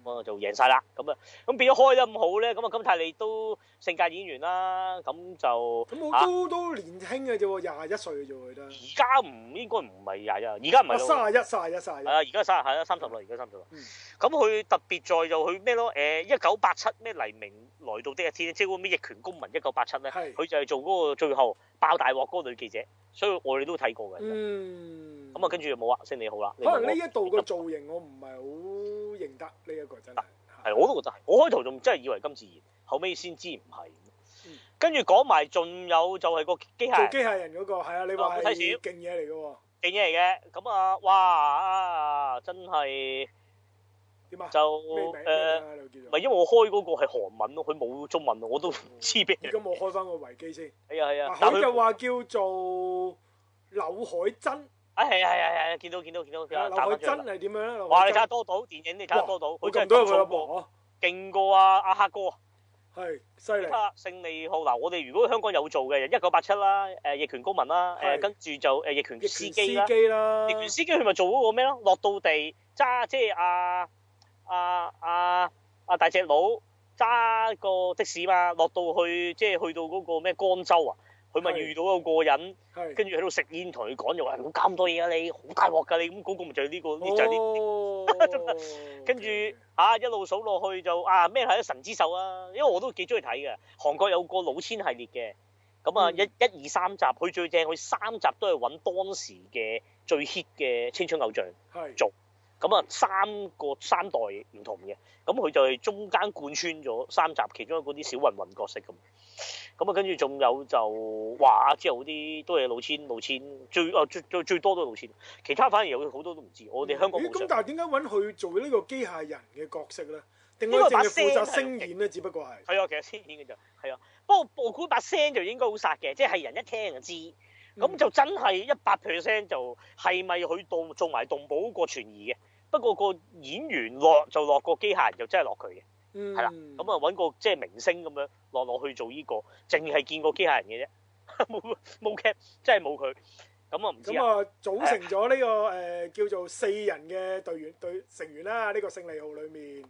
可能就贏曬啦，咁啊咁變咗開得咁好咧，咁啊金泰梨都性格演員啦，咁就咁都都年輕嘅啫喎，廿一歲嘅啫喎，而家唔應該唔係廿一，而家唔係啦，三十一三十一三十一，係啊，而家三係啦，三十啦，而家三十啦，咁佢特別在就佢咩咯？誒一九八七咩黎明。來到的一天，即係嗰個咩《逆權公民》一九八七咧，佢就係做嗰個最後爆大鑊嗰個女記者，所以我哋都睇過嘅。咁啊、嗯，跟住就冇啊，先你好啦。可能呢一度個造型我唔係好認得呢一個真係。係我都覺得係，我開頭仲真係以為金志賢，後尾先知唔係。跟住講埋仲有就係個機械。做機械人嗰、那個係啊，你話冇睇少勁嘢嚟㗎喎？勁嘢嚟嘅，咁啊，哇啊，真係～就唔係因為我開嗰個係韓文咯，佢冇中文我都唔知邊個。咁我開翻個維基先。係啊係啊。佢就話叫做柳海真啊係啊係啊係啊！見到見到見到。柳海真係點樣咧？哇！你睇得多到，電影你睇得多到，佢真係咁恐怖吓，勁過啊阿黑哥。係犀利。睇勝利號嗱，我哋如果香港有做嘅，一九八七啦，誒，逆權公民啦，誒，跟住就誒，逆權司機啦。司機啦。逆權司機佢咪做嗰個咩咯？落到地揸即係阿。阿阿阿大隻佬揸個的士嘛，落到去即係去到嗰個咩江州啊，佢咪遇到個過人，是 跟住喺度食煙同佢講，的就話，啊、你咁多嘢啊，你好大鑊㗎你！咁嗰個咪就係呢個，呢就係呢。跟住嚇一路數落去就啊咩係《神之手》啊，因為我都幾中意睇嘅。韓國有個老千系列嘅，咁啊一一二三集，佢最正，佢三集都係揾當時嘅最 hit 嘅青春偶像的做。咁啊，三個三代唔同嘅，咁佢就係中間貫穿咗三集，其中嗰啲小混混角色咁。咁啊，跟住仲有就話之後嗰啲都係老千，老千最啊最最最多都係老千，其他反而有好多都唔知。我哋香港咁，但係點解揾佢做呢個機械人嘅角色咧？定係佢哋係負責聲演咧？是只不過係係啊，其實聲演嘅就係啊。不過我估把聲就應該好殺嘅，即、就、係、是、人一聽就知。咁、嗯、就真係一百 percent 就係咪佢做做埋動保個傳奇嘅？不過個演員落就落個機械人，就真係落佢嘅，係啦、嗯。咁啊揾個即係明星咁樣落落去做呢個，淨係見過機械人嘅啫，冇冇 c 真係冇佢。咁我唔知、啊。咁啊組成咗呢個誒唉、呃、叫做四人嘅隊員隊成員啦，呢個勝利號裏面。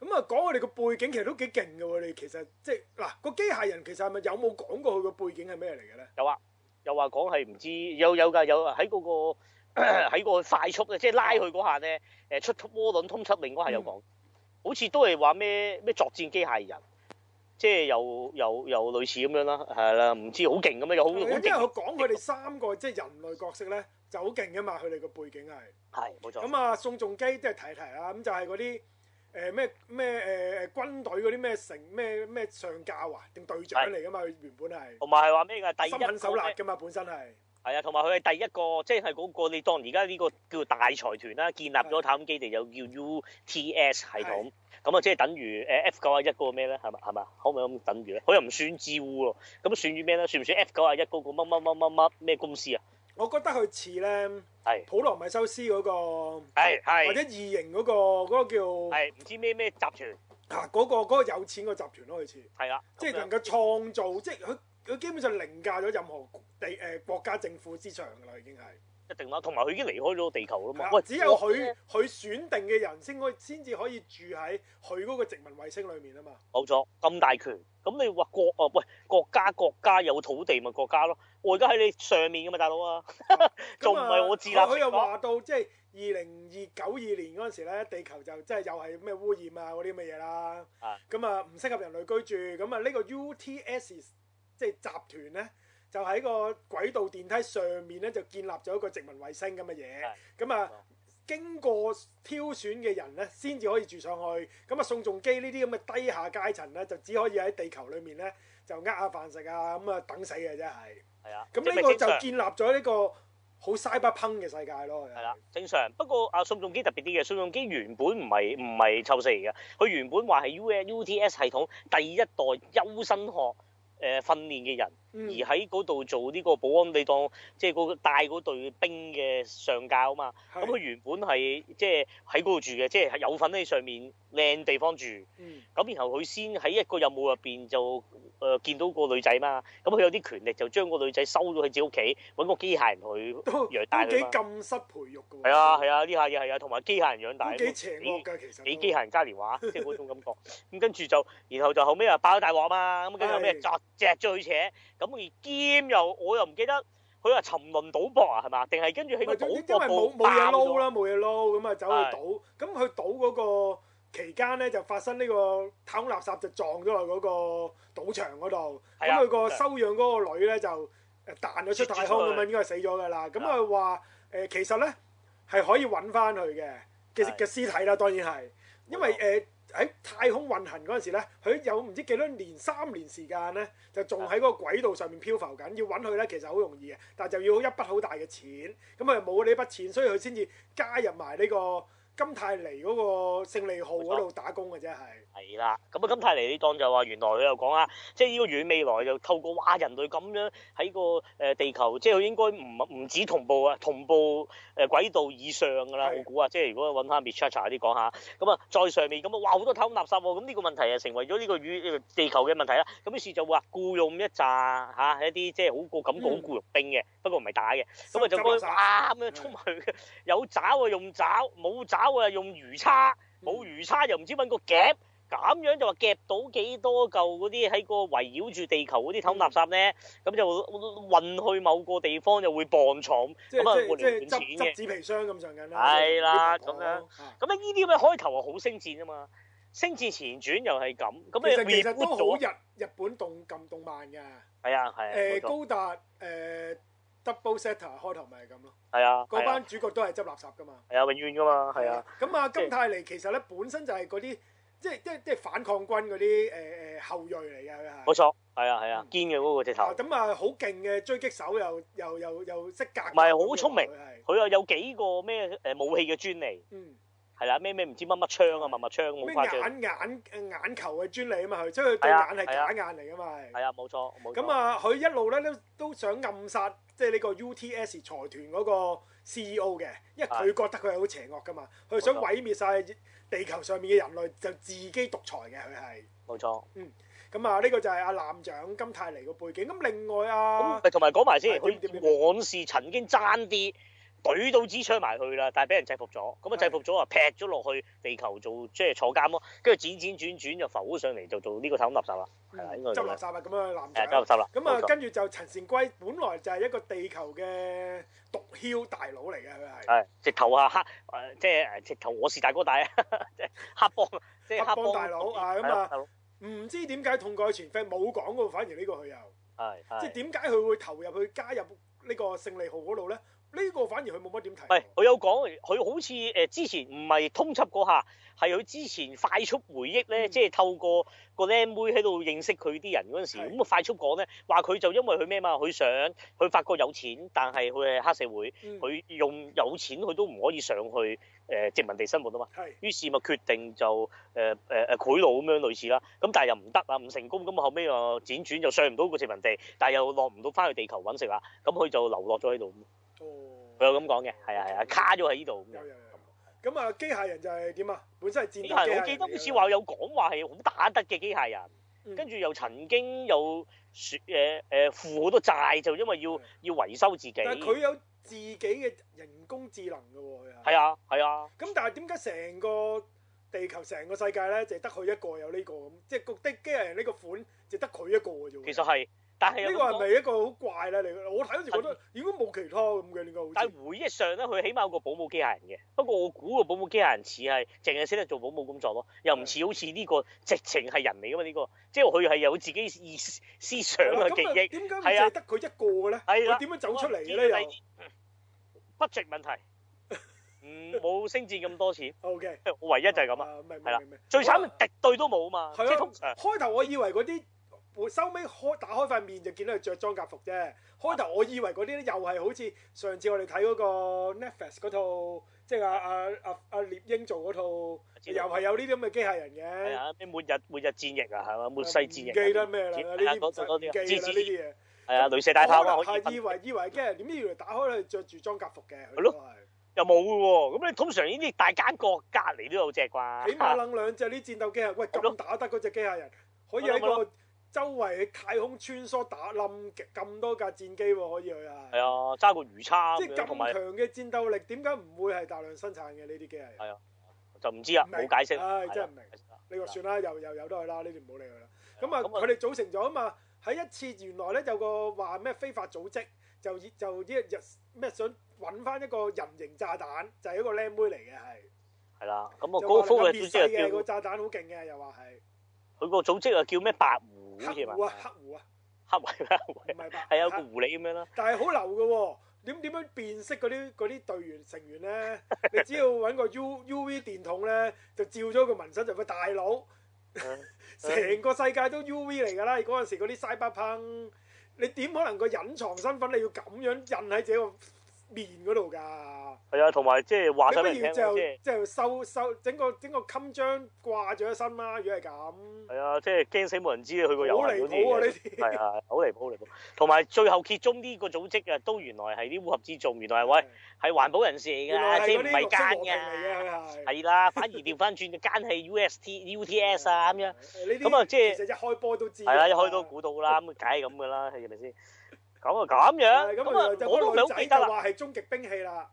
咁啊講佢哋個背景其實都幾勁㗎喎，佢哋其實即係嗱個機械人其實係咪有冇講過佢個背景係咩嚟嘅咧？有啊，又話講係唔知有有㗎有啊，喺嗰個。喺 個快速咧，即係拉佢嗰下咧，誒出渦輪通緝令，另外嗰下有講，好似都係話咩咩作戰機械人，即係有又又類似咁樣啦，係啦，唔知好勁咁啊，就好有因為佢講佢哋三個即係人類角色咧就好勁噶嘛，佢哋個背景係係冇錯。咁、嗯、啊，宋仲基即係提提、呃呃、啊，咁就係嗰啲誒咩咩誒誒軍隊嗰啲咩成咩咩上校啊定隊長嚟噶嘛，佢原本係同埋係話咩嘅第一心狠手辣噶嘛，本身係。係啊，同埋佢係第一個，即係嗰個你當而家呢個叫大財團啦，建立咗探金基地又叫 U T S 系統，咁啊即係等於誒 F 九啊一嗰個咩咧？係嘛係嘛，可唔可以咁等於咧？佢又唔算知乎喎，咁算於咩咧？算唔算 F 九啊一嗰個乜乜乜乜乜咩公司啊？我覺得佢似咧，係的普羅米修斯嗰個，係或者異形嗰個嗰個叫唔知咩咩集團，啊嗰個嗰個有錢嘅集團咯，佢似的，係啦，即係能夠創造，的即係佢。佢基本上凌駕咗任何地誒、呃、國家政府之上㗎啦，已經係一定啦。同埋佢已經離開咗地球啦嘛。對喂，只有佢佢的選定嘅人先可先至可以住喺佢嗰個殖民衛星裏面啊嘛。冇錯，咁大權咁你話國啊？喂，國家國家有土地咪國家咯。我而家喺你上面㗎嘛，大佬啊，仲唔係我自立？佢、嗯嗯啊、又話到即係二零二九二年嗰陣時咧，地球就即係、就是、又係咩污染啊嗰啲乜嘢啦。咁啊，唔、嗯、適合人類居住咁啊，呢個 U T S。即係集團咧，就喺個軌道電梯上面咧，就建立咗一個殖民衛星咁嘅嘢。咁的啊，的經過挑選嘅人咧，先至可以住上去。咁啊，宋仲基呢啲咁嘅低下階層咧，就只可以喺地球裡面咧就呃下飯食啊，咁啊等死嘅啫，係的。係啊，咁呢個就建立咗呢個好 cyberpunk 嘅世界咯。係啦，正常，不過啊，宋仲基特別啲嘅，宋仲基原本唔係唔係抽四嚟嘅，佢原本話係 UTS 系統第一代優生學。誒訓練嘅人。嗯、而喺嗰度做呢個保安，你當即係嗰個帶嗰隊兵嘅上校啊嘛。咁佢是原本係即係喺嗰度住嘅，即、就、係、是、有份喺上面靚地方住。咁、嗯、然後佢先喺一個任務入邊就誒、呃、見到個女仔嘛。咁佢有啲權力就將個女仔收咗喺自己屋企，揾個機械人去養大佢。幾禁室培育㗎，係啊，係啊，呢下嘢，係啊，同埋、啊、機械人養大。幾邪機械人嘉年華，即係嗰種感覺。咁跟住就，然後就後尾啊爆咗大鑊嘛。咁跟住後尾作隻最邪。的咁而兼又我又唔記得佢話沉淪賭博啊，係嘛？定係跟住喺因為賭冇冇嘢撈啦，冇嘢撈咁啊，走去賭。咁佢賭嗰個期間咧，就發生呢、呢個太空垃圾就撞咗落嗰個賭場嗰度。咁佢個收養嗰個女咧就彈咗出太空咁樣，的應該係死咗㗎啦。咁佢話誒，其實咧係可以揾翻佢嘅嘅嘅屍體啦，當然係，的因為誒。呃喺太空運行嗰陣時咧，佢有唔知幾多年三年時間咧，就仲喺嗰個軌道上面漂浮緊。要揾佢咧，其實好容易嘅，但係就要一筆好大嘅錢。咁啊冇呢筆錢，所以佢先至加入埋呢個。金泰梨嗰個勝利號嗰度打工嘅啫係，係啦，咁啊金泰梨呢檔就話原來佢又講啦，即係呢個遠未來就透過話人類咁樣喺個誒地球，即係佢應該唔唔止同步啊，同步誒軌道以上㗎啦，是的 我估啊，即、就、係、是、如果揾下 Mitcher 啊啲講下，咁啊在上面咁啊，哇好多太空垃圾喎，咁呢個問題啊成為咗呢個宇、這個、地球嘅問題啦，咁於是就話僱用一扎嚇、啊、一啲即係好過感保僱傭兵嘅，嗯、不過唔係打嘅，咁啊就幫啊咁樣衝去，嗯、有爪啊用爪，冇爪。啊用魚叉，冇魚叉又唔知揾個夾，咁樣就話夾到幾多嚿嗰啲喺個圍繞住地球嗰啲頭垃圾咧，咁、嗯、就運去某個地方就會磅重，咁啊換嚟換錢嘅。即紙皮箱咁上緊啦。係啦，咁樣。咁咧呢啲咁嘅開頭啊，好星戰啊嘛，星戰前傳又係咁，咁咧。其實其實都好日日本動動漫嘅。係啊係啊。高達、呃 Double setter 開頭咪係咁咯，係啊，嗰班主角都係執垃圾噶嘛，係啊，永遠噶嘛，係啊。咁啊，金泰尼其實咧本身就係嗰啲即係即係即係反抗軍嗰啲誒誒後裔嚟㗎，冇錯，係啊係啊，堅嘅嗰個隻頭。咁啊，好勁嘅追擊手又又又又識格，唔係，我好聰明，佢啊有幾個咩誒武器嘅專利。係啦，咩咩唔知乜乜槍啊，乜乜槍，啊，咩、啊、眼眼眼球嘅專利啊嘛，佢即係佢對眼係假眼嚟噶嘛，係。係，冇錯，冇錯啊，冇錯。咁啊，佢一路咧都都想暗殺，即係呢個 UTS 財團嗰個 CEO 嘅，因為佢覺得佢係好邪惡噶嘛，佢的想毀滅晒地球上面嘅人類，錯就自己獨裁嘅佢係。冇錯。嗯。咁啊，呢、呢個就係阿艦長金泰黎個背景。咁另外啊，同埋講埋先，佢的往事曾經爭啲。舉到支槍埋去啦，但係俾人制服咗，咁啊，制服咗啊，劈咗落去地球做即係坐監咯，跟住轉轉轉轉就浮上嚟就做呢個偷垃圾啦，係啊，執垃圾啊咁啊，垃圾，係執垃圾啦。咁啊，跟住就陳善圭，本來就係一個地球嘅毒梟大佬嚟嘅佢係，係直頭啊黑，即係直頭我是大哥大啊，即係黑幫，即係黑幫大佬啊咁啊，唔知點解同佢傳翻冇講嗰個，反而呢個佢又係，即係點解佢會投入去加入呢個勝利號嗰度咧？呢個反而佢冇乜點提。唔係，佢有講，佢好似誒之前唔係通緝過下，係佢之前快速回憶咧，嗯、即係透過個靚妹喺度認識佢啲人嗰陣時候，咁啊是的 快速講咧，話佢就因為佢咩嘛，佢想佢發覺有錢，但係佢係黑社會，佢、嗯、用有錢佢都唔可以上去誒、呃、殖民地生活啊嘛，係，是的 於是咪決定就誒誒誒賄賂咁樣類似啦，咁但係又唔得啊，唔成功，咁後尾又輾轉又上唔到個殖民地，但係又落唔到翻去地球揾食啊，咁佢就流落咗喺度。哦，佢有咁講嘅，係啊係啊，卡咗喺呢度咁嘅。咁啊，機械人就係點啊？本身係戰機械人，我記得好似話有講話係好打得嘅機械人，跟住、嗯、又曾經有說誒誒負好多債，就因為要要維修自己。但係佢有自己嘅人工智能㗎喎，係係啊係啊。咁但係點解成個地球成個世界咧，就係得佢一個有呢、這個咁，即係個的機械人呢個款就得佢一個嘅啫。其實係。但係呢個係咪一個好怪咧？你我睇嗰時覺得應該冇其他咁嘅，應該是但係回憶上咧，佢起碼有個保姆機械人嘅。不過我估個保姆機械人似係淨係識得做保姆工作咯，又唔似好似呢、呢個直情係人嚟噶嘛？呢、呢個即係佢係有自己意思想嘅記憶。咁、哦、啊？點解唔係啊，得佢一個嘅咧。係啦。佢點樣走出嚟嘅咧？又 budget 問題，冇、 嗯、升戰咁多錢。OK，我唯一就係咁啊，啊。明明、啊、最慘係敵對都冇啊嘛。係啊，啊。開頭我以為嗰啲。收尾開打開塊面就見到佢着裝甲服啫、uh. 啊。開頭我以為嗰啲咧，又係好似上次我哋睇嗰個 Netflix 嗰套，即係阿阿阿阿獵鷹做嗰套，又係道有呢啲咁嘅機械人嘅。係啊，末日末日戰役啊，係嘛末世戰役。唔記得咩啦，呢多啲多啲記呢啲嘢。係啊，雷射大炮啊，我以，以。以為以為嘅，點知原來打開咧係着住裝甲服嘅。咯，又冇喎、哦。咁你通常呢啲大間國隔離都有隻啩？起碼撚兩隻啲戰鬥機啊！喂，咁打得嗰隻機械人可以喺個。周圍太空穿梭打冧咁多架戰機喎，可以去啊！係啊，揸個魚叉。即係咁強嘅戰鬥力，點解唔會係大量生產嘅呢啲機器人？係啊，就唔知啊，冇解釋。唉，真係唔明。你話算啦，又又有得去啦，呢啲唔好理佢啦。咁啊，佢哋組成咗啊嘛。喺一次原來咧有個話咩非法組織，就熱就一日咩想揾翻一個人形炸彈，就係一個靚妹嚟嘅係。係啦，咁啊高峯嘅組織又叫。個炸彈好勁嘅，又話係。佢個組織啊叫咩白？黑狐啊，黑狐啊黑，黑尾黑唔係白，係有個狐狸咁樣啦黑。但係好流嘅、啊，點點樣辨識嗰啲嗰啲隊員成員咧？ 你只要揾個 U U V 電筒咧，就照咗個紋身就會、是、大佬。成、啊啊、 個世界都 U V 嚟噶啦。嗰陣時嗰啲 cyberpunk，你點可能個隱藏身份？你要咁樣印喺自己個。面嗰度噶，係啊，同埋即係話晒俾你聽，即係即係收收整個整個襟章掛咗一身啦。如果係咁，係啊，即係驚死冇人知佢個油嚟喎。呢啲係啊，好離譜，好離譜。同埋最後揭盅呢個組織啊，都原來係啲烏合之眾，原來係喂係環保人士嚟噶，即係唔係奸噶，係啦，反而調翻轉奸係 U S T U T S 啊咁樣。咁啊，即係一開波都知，係啦，一開都估到啦，咁梗係咁噶啦，係咪先？咁啊咁樣，咁啊我都唔記得啦。話係終極兵器啦。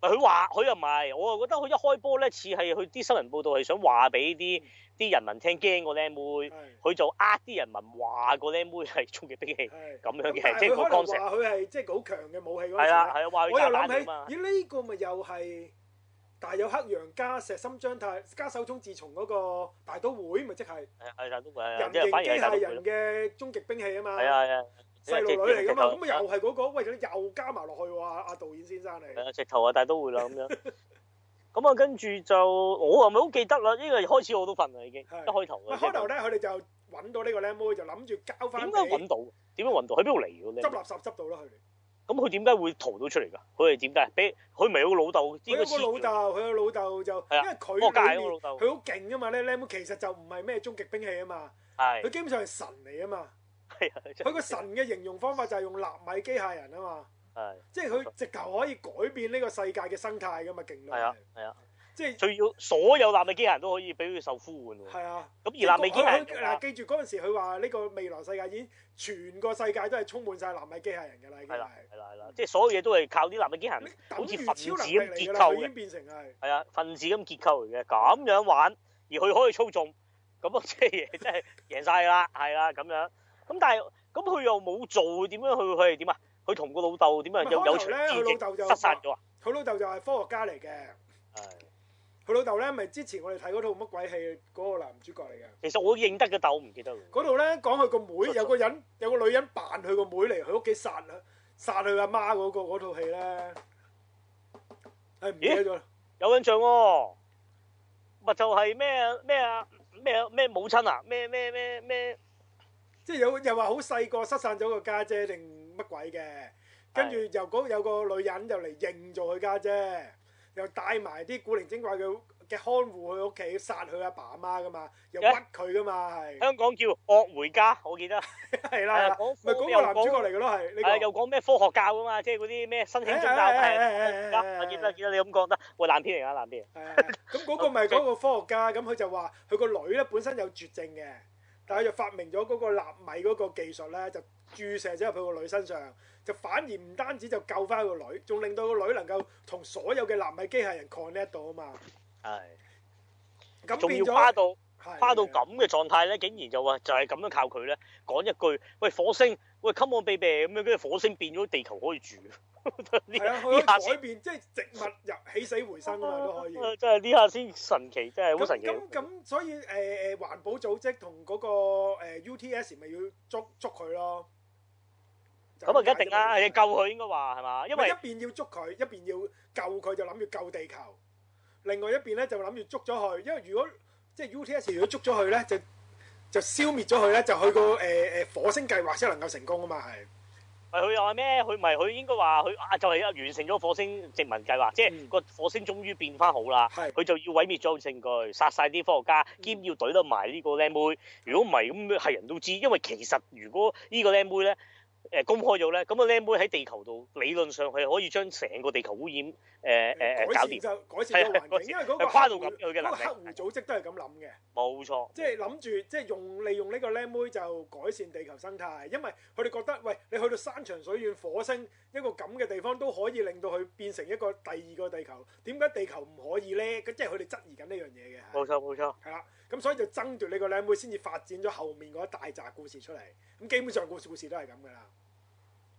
佢話佢又唔係，我又覺得佢一開波咧似係去啲新聞報道係想話俾啲啲人民聽驚個僆妹，妹，佢是就呃啲人民話個僆妹係終極兵器咁是樣嘅。即係佢話佢係即係好強嘅武器嗰陣時。啊啊、我又諗起咦呢、欸呢個咪又係？大友克洋加石心張太加手塚治虫嗰個大都會咪即係？係啦、啊，反而大都會人形機械人嘅終極兵器啊嘛。係啊！細路女嚟噶嘛，咁又係嗰個，喂，又加埋落去喎，阿阿導演先生嚟。係啊，直頭啊，大都會啦咁樣。咁啊，跟住就我又唔係好記得啦，呢個開始我都瞓啦，已經一開頭。喂，開頭咧，佢哋就搵到呢個靚妹，就諗住交翻。點解搵到？點樣搵到？喺邊度嚟噶？執垃圾執到啦，佢哋。咁佢點解會逃到出嚟噶？佢哋點解？俾佢咪係個老豆應該黐個老豆，佢個老豆就，因為佢個家老豆，佢好勁噶嘛。呢靚妹其實就唔係咩終極兵器啊嘛。係。佢基本上係神嚟啊嘛。佢個 神嘅形容方法就係用納米機械人啊嘛，即係佢直頭可以改變呢個世界嘅生態噶嘛，勁到係啊，即係要所有納米機械人都可以俾佢受呼喚。係啊，咁而納米機械人嗱、啊啊啊，記住嗰陣時佢話呢個未來世界已經全個世界都係充滿晒納米機械人嘅啦，係啦係啦係啦，啊啊啊嗯、即係所有嘢都係靠啲納米機械人，好似分子咁結構，係啊，分子咁結構嚟嘅，咁樣玩，而佢可以操縱，咁 啊，即係嘢真係贏晒啦，係啦咁樣。咁但係，咁佢又冇做，點樣佢佢係點啊？佢同個老豆點樣？有有傳佢老豆就失散咗啊？佢老豆就係科學家嚟嘅。佢老豆咧，咪之前我哋睇嗰套乜鬼戲，嗰個男主角嚟嘅。其實我認得嘅，但我，唔記得咯。嗰度咧，講佢個妹，有個人有個女人扮佢個妹嚟，佢屋企殺殺佢阿媽嗰個嗰套戲咧，係唔記得咗。有印象喎，咪就係咩咩啊咩咩母親啊咩咩咩咩。即係有又話好細個失散咗個家姐定乜鬼嘅，跟住又有個女人又嚟認做佢家姐，又帶埋啲古靈精怪嘅嘅看護去屋企，殺佢阿爸阿媽噶嘛，又屈佢噶嘛，係。香港叫惡回家，我記得。係啦。咪嗰個男主角嚟嘅咯，係。你又講咩科學教噶嘛，即係嗰啲咩新興宗教係。啊，記得記得，你咁講得，會爛片嚟啊，爛片。咁嗰個咪嗰個科學家，咁佢就話佢個女咧本身有絕症嘅。但係佢就發明咗嗰個納米嗰個技術咧，就注射咗入去個女身上，就反而唔單止就救翻個女，仲令到個女能夠同所有嘅納米機械人 connect 到啊嘛。係。咁變咗。仲要花到，花到咁嘅狀態咧，竟然就話就係咁樣靠佢咧，講一句，喂火星，喂 come on baby 咁樣，跟住火星變咗地球可以住。係啊，可以改變即係植物入起死回生啊，都可以。誒，真係呢下先神奇，真係好神奇。咁咁咁，所以誒誒，環保組織同嗰個誒 U T S 咪要捉捉佢咯。咁啊，一定啦，救佢應該話係嘛？因為一邊要捉佢，一邊要救佢，就諗住救地球。另外一邊咧就諗住捉咗佢，因為如果即係 U T S 如果捉咗佢咧，就就消滅咗佢咧，就去個誒誒火星計劃先能夠成功啊嘛，係。咪佢又話咩？佢咪佢應該話佢啊，就係、啊、完成咗火星殖民計劃，嗯、即係個火星終於變翻好啦。佢係就要毀滅咗證據，殺晒啲科學家，兼要懟得埋呢個僆妹。如果唔係咁，係人都知，因為其實如果個呢個僆妹咧。誒，公開咗咧，咁個靚妹喺地球度，理論上係可以將成個地球污染，誒誒搞掂，改善到環境，因為嗰個咁嘅黑戶組織都係咁諗嘅，冇錯，即係諗住即係用利用呢個靚妹就改善地球生態，因為佢哋覺得，喂，你去到山長水遠火星一個咁嘅地方都可以令到佢變成一個第二個地球，點解地球唔可以咧？咁即係佢哋質疑緊呢樣嘢嘅，冇錯冇錯，係啦。咁所以就爭奪你個靚妹，先至發展咗後面嗰一大紮故事出嚟。咁基本上故事故事都係咁噶啦。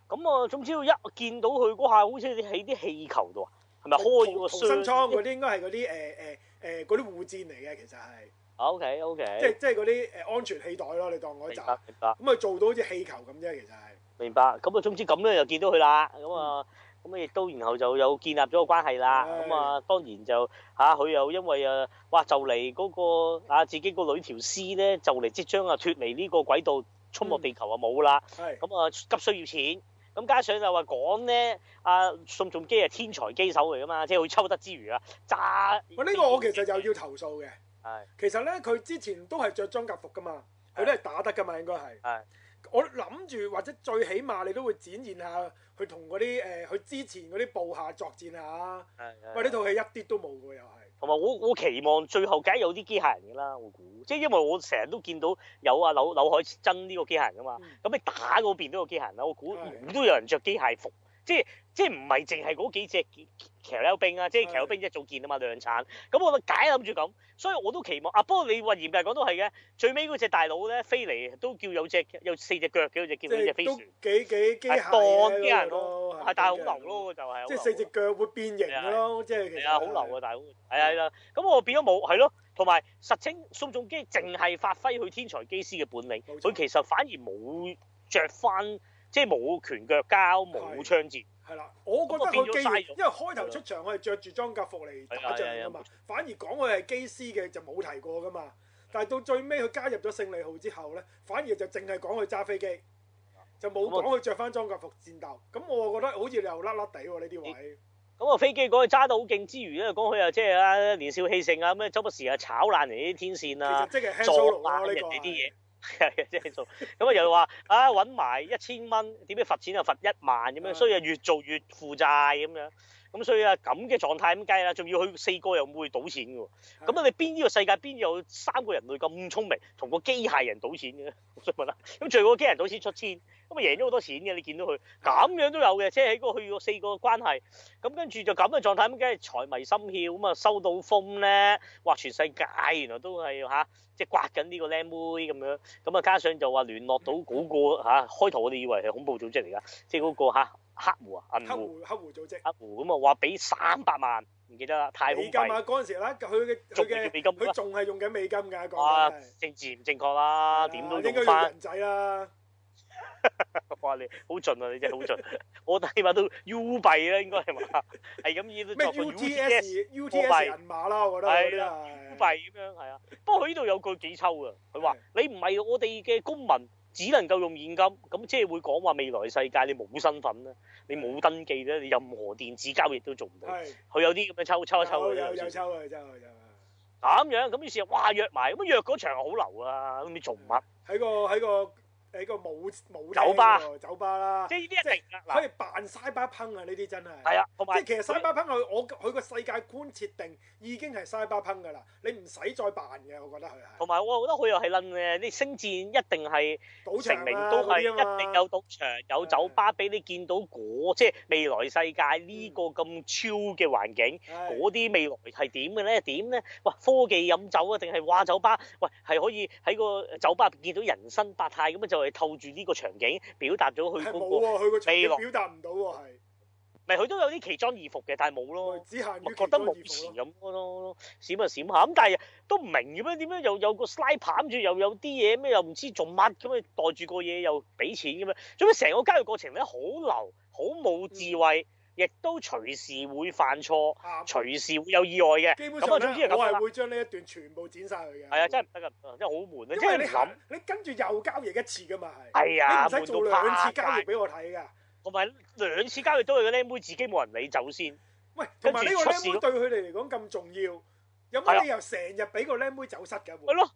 咁啊，總之一見到佢嗰下，好似喺啲氣球度啊，係咪開個新倉嗰啲？應該係嗰啲誒誒誒啲護墊嚟嘅，其實係。O K O K，即即嗰啲誒安全氣袋咯，你當我一扎。明白明白。咁啊，做到好似氣球咁啫，其實係。明白。咁啊，總之咁樣，又見到佢啦。咁啊。嗯咁亦都，然後就又建立咗個關係啦。咁啊，當然就嚇佢又因為、那個、啊，哇就嚟嗰個啊自己的女條個女條屍咧，就嚟即將啊脫離呢個軌道，衝落地球啊冇啦。咁啊是的 急需要錢，咁加上又話講咧，阿、啊、宋仲基係天才機手嚟噶嘛，即係佢抽得之餘啊揸。哇！呢個我其實又要投訴嘅。係。是的 其實咧，佢之前都係着裝甲服噶嘛，佢都係打得噶嘛，應該係。係。我諗住或者最起碼你都會展現下，去同嗰啲誒，去、呃、之前嗰啲部下作戰一下。係係。喂，呢套戲一啲都冇喎，又係。同埋我我期望最後梗係有啲機械人嘅啦，我估。即係因為我成日都見到有啊，柳柳海真呢個機械人噶嘛，咁、嗯、你打嗰邊都有機械人啦，我估都有人着機械服，是是即係。即係唔係淨係嗰幾隻騎兵啊？即係騎兵一早見啊嘛，量產。咁我就解諗住咁，所以我都期望。啊，不過你話嚴格講都係嘅。最尾嗰隻大佬呢飛嚟，都叫有隻有四隻腳嘅，叫隻飛船？係都幾幾機械嘅咯。係，大佬好流咯，就係、是、即係四隻腳會變形咯，即係其實好、就是、流啊，大佬。係啊，係啦。咁的我變咗冇，係咯。同埋實稱宋仲基淨係發揮佢天才機師嘅本領，佢錯其實反而冇着翻。即係冇拳腳交，冇槍戰。係啦，我覺得佢機，因為開頭出場，佢係着住裝甲服嚟打仗噶嘛。反而講佢係機師嘅就冇提過噶嘛。是的但係到最尾佢加入咗勝利號之後咧，反而就淨係講佢揸飛機，就冇講佢着翻裝甲服戰鬥。咁、嗯、我啊覺得好似又甩甩地喎呢啲位。咁啊、嗯嗯那個、飛機講佢揸得好勁之餘咧，講佢又即係啊年少氣盛啊，咩周不時又炒爛嚟啲天線啊，炸爛、啊、人哋啲嘢。係 啊，即係做咁啊！又話啊，揾埋一千蚊，點解罰錢又罰一萬咁樣？所以就越做越負債咁樣。咁所以啊，咁嘅狀態咁梗係啦，仲要去四個又會賭錢嘅喎。咁啊，你邊呢個世界邊有三個人類咁聰明，同個機械人賭錢嘅？我想問啊。咁最後個機械人賭錢出千，咁啊贏咗好多錢嘅，你見到佢咁樣都有嘅。即係喺嗰去四個關係，咁跟住就咁嘅狀態咁梗係財迷心竅，咁啊收到風咧，哇！全世界原來都係嚇，即係刮緊呢個靚妹咁樣。咁啊，加上就話聯絡到嗰個嚇，開頭我哋以為係恐怖組織嚟噶，即係嗰個嚇黑戶啊，銀戶，黑戶組織，黑戶咁啊話俾三百萬，唔記得啦，太好美金啊，嗰陣時咧，佢嘅佢嘅佢仲係用緊美金㗎，哇，政治唔正確啦，點都用翻。應該用人仔啦。我話你，好盡啊！你真係好盡。我睇碼都 U 幣啦，應該係嘛？係咁以作個 U T S U T S 人馬啦，我覺得真係。U 幣咁樣係啊，不過佢呢度有句幾抽啊？佢話你唔係我哋嘅公民。只能夠用現金，咁即係會講話未來世界你冇身份咧，你冇登記咧，你任何電子交易都做唔到。佢係有啲咁樣抽抽一抽有抽嘅，抽嘅，抽嘅。咁樣咁於是啊？哇！約埋咁約嗰場好流啊，咁你做乜？喺個喺個。喺個舞舞酒吧，酒吧啦，即係呢啲一定，嗱可以扮 Cyberpunk 啊！呢啲真係，係啊，同埋，即係其實 Cyberpunk 佢我佢個世界觀設定已經係 Cyberpunk 噶啦，你唔使再扮嘅，我覺得佢係。同埋我覺得佢又係撚嘅，你星戰一定係賭場嚟，都係一定有賭場有酒吧俾你見到嗰即係未來世界呢個咁超嘅環境，嗰啲未來係點嘅咧？點咧？哇！科技飲酒啊，定係話酒吧？喂，係可以喺個酒吧見到人生百態咁啊就。嚟透住呢個場景表達咗佢個未落表達唔到喎，咪佢都有啲奇裝異服嘅，但係冇咯，只係覺得目前咁咯，閃啊閃下咁，但係都唔明嘅咩？點解又有個 slide 住又有啲嘢咩？又唔知做乜咁樣袋住個嘢又俾錢咁樣，總之成個交易過程咧好流，好冇智慧。嗯亦都隨時會犯錯，啊、隨時會有意外嘅。咁我總之係咁啦，我係會將呢一段全部剪晒佢嘅。係啊，真係唔得噶，真係好悶。因為你諗，真你跟住又交易一次嘅嘛係。係啊的，唔使做兩次交易俾我睇㗎。同埋兩次交易都係個僆妹自己冇人理先走先。喂，同埋呢個僆妹對佢哋嚟講咁重要，有乜理由成日俾個僆妹走失㗎？係咯。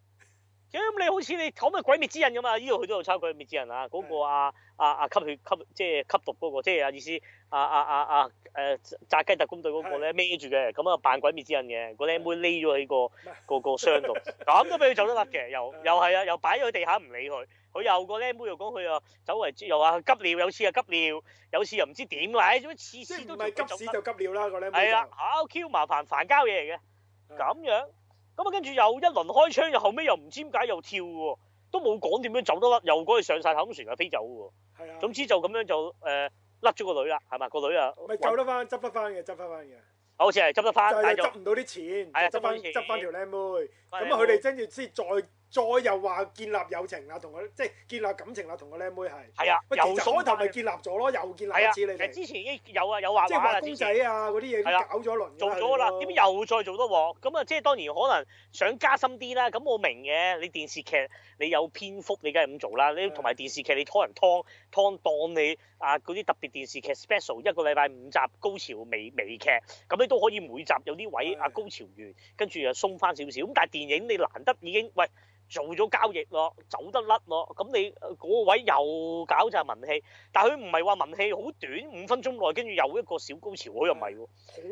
咁、嗯、你好似你可唔可以鬼滅之刃噶嘛？呢度佢都有抄鬼滅之刃啊！嗰、那個啊是的 啊啊吸血吸即係吸毒嗰、那個，即係啊意思啊啊啊啊誒炸雞特工隊嗰個咧孭住嘅，咁啊是的 扮鬼滅之刃嘅、那個靚妹匿咗喺個個個箱度，咁都俾佢走得甩嘅，又又係啊，又擺喺地下唔理佢，佢又個靚妹又講佢啊走為之又話急尿有次啊急尿有次又唔知點喎，誒做乜次次都唔係急屎就急尿啦個靚妹，係啊好 Q 麻煩煩交嘢嚟嘅，咁樣。咁啊，跟住又一輪開槍，後又後尾又唔知解，又跳喎，都冇講點樣走得甩，又過去上晒太空船啊，飛走喎。係啊。是的 總之就咁樣就誒甩咗個女啦，係咪？個女啊。咪走得翻，執得翻嘅，執翻翻嘅。好似係執得翻，但係執唔到啲錢。係啊的，執翻著，執翻的條靚妹。咁啊的，佢哋跟住先再。再又話建立友情啦，同佢即係建立感情啦，同個靚妹係。係啊，由所頭咪建立咗咯，又建立一次，之前已經有啊有畫畫公仔啊嗰啲嘢搞咗輪做咗啦，點又再做得喎？咁啊，即係當然可能想加深啲啦。咁我明嘅，你電視劇你有篇幅，你梗係咁做啦。你同埋電視劇你拖人湯湯當你啊嗰啲特別電視劇 special 一個禮拜五集高潮微微劇，咁你都可以每集有啲位啊高潮完，跟住又鬆返少少。咁但係電影你難得已經喂。做咗交易咯，走得甩咯，咁你嗰位又搞就係文戲，但係佢唔係話文戲好短，五分鐘內跟住又一個小高潮，我又唔係喎，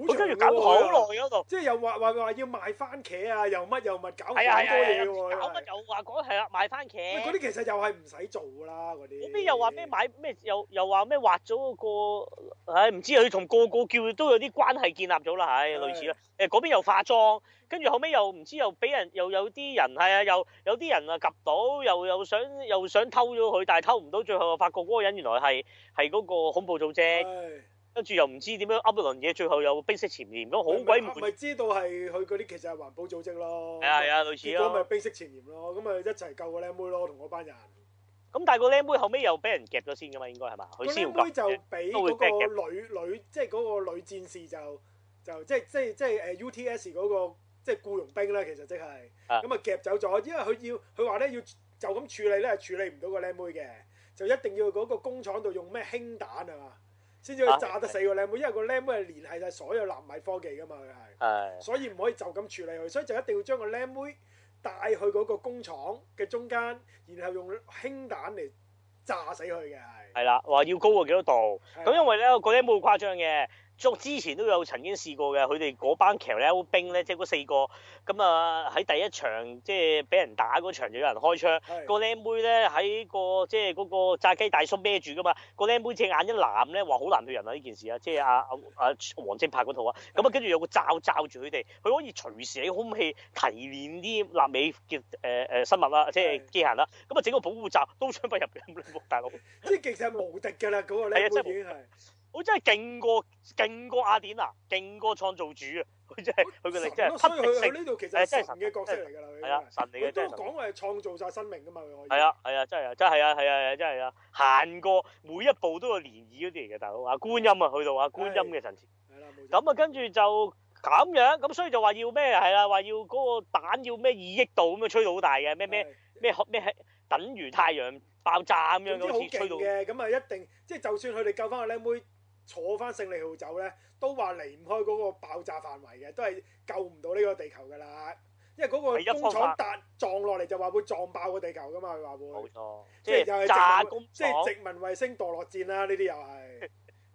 佢跟住搞咗好耐嗰度，即係又話話話要賣番茄啊，又乜又乜搞好多嘢喎，搞乜又話講係啦，賣番茄，嗰啲其實又係唔使做㗎啦嗰啲，邊又話咩買咩又又話咩畫咗嗰個，唉唔知佢同個個叫都有啲關係建立咗啦，唉類似啦。嗰邊又化妝，跟住後尾又唔知又俾人又有啲人係啊，又有啲人啊及到，又又想又想偷咗佢，但係偷唔到，最後發覺嗰個人原來係嗰個恐怖組織，跟住的又唔知點樣噏咗輪嘢，最後又冰釋前嫌咁，好鬼對。咪知道係佢嗰啲其實係環保組織咯，係呀、啊，啊，類似咯，結果咪冰釋前嫌咯，咁咪一齊救個靚妹咯，同嗰班人。咁但係個靚妹後尾又俾人及咗先㗎嘛，應該係嘛？佢先會會俾嗰個女女，即係，嗰、個女戰士就。就即係即係即係誒 U T S 嗰個即係僱傭兵啦，其實即係咁啊夾走咗，因為佢要佢話咧要就咁處理咧，處理唔到個靚妹嘅，就一定要嗰個工廠度用咩氫彈啊嘛，先至可以炸得死個靚妹，因為個靚妹連繫晒所有納米科技噶嘛，佢係，所以唔可以就咁處理佢，所以就一定要將個靚妹帶去嗰個工廠嘅中間，然後用氫彈嚟炸死佢嘅係。係啦，話要高過幾多度？咁因為咧，個靚妹好誇張嘅。之前都有曾經試過嘅，佢哋嗰班騎呢、那個、兵咧，即係嗰四個咁啊，喺、嗯、第一場即係俾人打嗰場就有人開槍，是的 個靚妹咧喺、個即係嗰個炸雞大叔孭住噶嘛，個靚妹隻眼一攬咧話好難對人啊呢件事啊，即係阿阿黃正拍嗰套啊，咁啊跟住是的、嗯、有個罩罩住佢哋，佢可以隨時喺空氣提煉啲納米嘅誒誒生物啦，是的 即係機械人啦，咁、嗯、啊整個保護罩都槍不入嘅，大佬，即係其實係無敵㗎啦嗰個咧。我真係勁過勁過阿典啊，勁過創造主啊！佢真係佢嘅力真係匹敵性，呢度其實真係神嘅角色嚟㗎啦，係、哎這個、啊神嚟嘅真係。我講係創造晒生命㗎嘛，佢係、哎、啊係啊，啊真係啊真係啊係啊係啊真係啊行過每一步都有漣漪嗰啲嚟嘅大佬啊，觀音啊去到啊觀音嘅、啊、神智。係啦咁啊這跟住就咁樣，咁所以就話要咩係啦？話、啊、要嗰個蛋要咩二億度咁樣吹到好大嘅咩咩咩咩等於太陽爆炸咁樣嗰似吹到道嘅，咁啊一定即係就算佢哋救翻個靚妹。坐翻勝利號走咧，都話離唔開嗰個爆炸範圍嘅，都係救唔到呢個地球噶啦。因為嗰個工廠搭撞落嚟就話會撞爆個地球噶嘛，佢話會。冇錯，即係炸工，即係殖民衛星墮落戰啦，呢啲又係。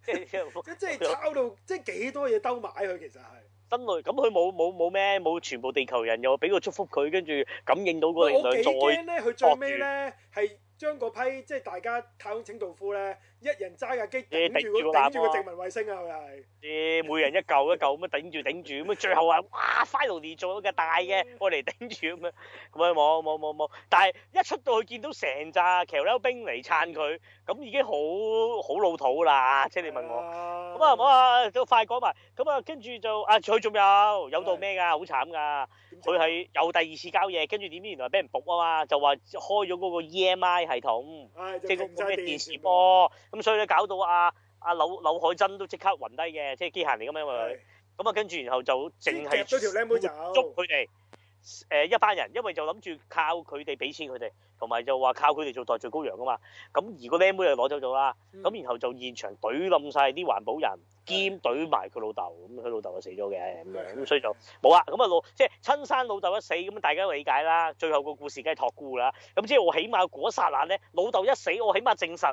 即係即係抄到即係幾多嘢兜埋去，其實係。登陸咁佢冇冇冇咩冇全部地球人又俾個祝福佢，跟住感應到個力量再。我幾驚咧，佢最尾咧係將嗰批即係大家太空清道夫咧。一人揸架機，頂住個殖民衛星啊！係，啲每人一嚿一嚿咁樣頂住頂住咁啊！最後話哇，finally 做個大嘅，我嚟頂住咁樣，咁樣冇冇冇冇！但係一出到去見到成紮騎鈎兵嚟撐佢，咁已經好好老土啦！即係你問我，咁啊冇啊，都快講埋。咁啊，跟住就啊，佢仲有有到咩㗎？好慘㗎！佢係有第二次交易，跟住點知？原來俾人僕啊嘛，就話開咗嗰個 EMI 系統，即係個咩電視波。咁所以咧，搞到阿阿劉劉海珍都即刻暈低嘅，即係機械嚟咁樣，因為佢咁啊，跟住然後就淨係條僆妹就捉佢哋誒一班人，因為就諗住靠佢哋俾錢佢哋，同埋就話靠佢哋做代罪羔羊噶嘛。咁而個僆妹就攞走咗啦。咁然後就現場懟冧晒啲環保人，兼懟埋佢老豆，咁佢老豆就死咗嘅咁樣。咁所以就冇啦。咁啊老即係親生老豆一死，咁大家理解啦。最後個故事梗係託孤啦。咁即係我起碼嗰一剎那咧，老豆一死，我起碼證實。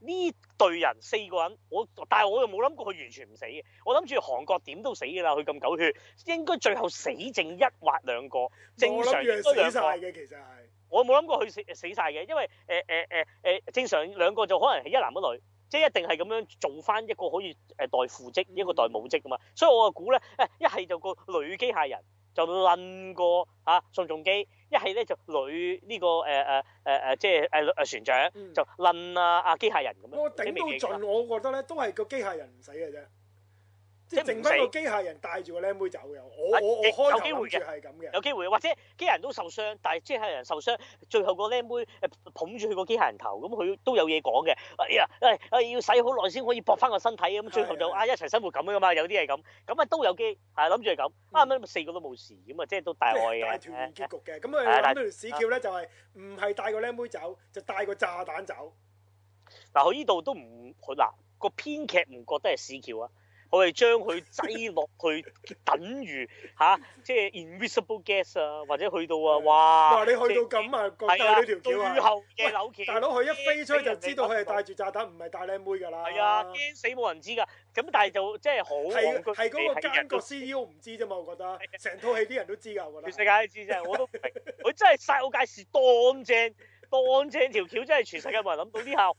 呢隊人四個人，我但係我又冇諗過佢完全唔死嘅。我諗住韓國點都死㗎啦，佢咁狗血，應該最後死剩一或兩個。正常應該兩。其實我冇諗過佢死死晒嘅，因為、呃呃呃、正常兩個就可能係一男一女，即係一定係咁樣做翻一個可以代父職，一個代母職嘛。所以我就估咧，一係就個女機械人。就輪過啊宋仲基，一係咧就女呢、呢個即係、呃呃呃即係呃、船長、嗯、就輪啊啊機械人咁樣。我頂到盡，我覺得咧都係個機械人唔使嘅啫。即剩翻個機械人帶住個僆妹走又，我我我開住係咁嘅，有機會或者機械人都受傷，但係機械人受傷，最後個僆妹捧住佢個機械人頭，咁佢都有嘢講嘅。哎呀，誒、哎、要洗好耐先可以駁翻個身體咁，最後就係、對對對啊一齊生活咁樣嘛。有啲係咁咁啊都有機係諗住係咁啱啱四個都冇事咁啊，即係都大愛嘅大團圓結局嘅咁啊。諗、欸、到屎橋咧就係唔係帶個僆妹走就帶個炸彈走嗱、啊。佢呢度都唔佢嗱個編劇唔覺得係屎橋啊？我哋將佢擠落去， 等於、啊、即係 invisible gas 啊，或者去到啊，哇！你去到咁啊，架呢、就係、條橋啊！啊大佬，佢一飛出去就知道佢係帶住炸彈，唔係大靚妹㗎啦。係啊，驚死冇人知㗎。咁但係就即係好。係嗰個監獄 CEO 唔知啫嘛，我覺得成套戲啲人都知㗎，我覺得全世界都知啫，我都佢 真係世界事當正。 當正條橋真係全世界冇人諗到呢下，好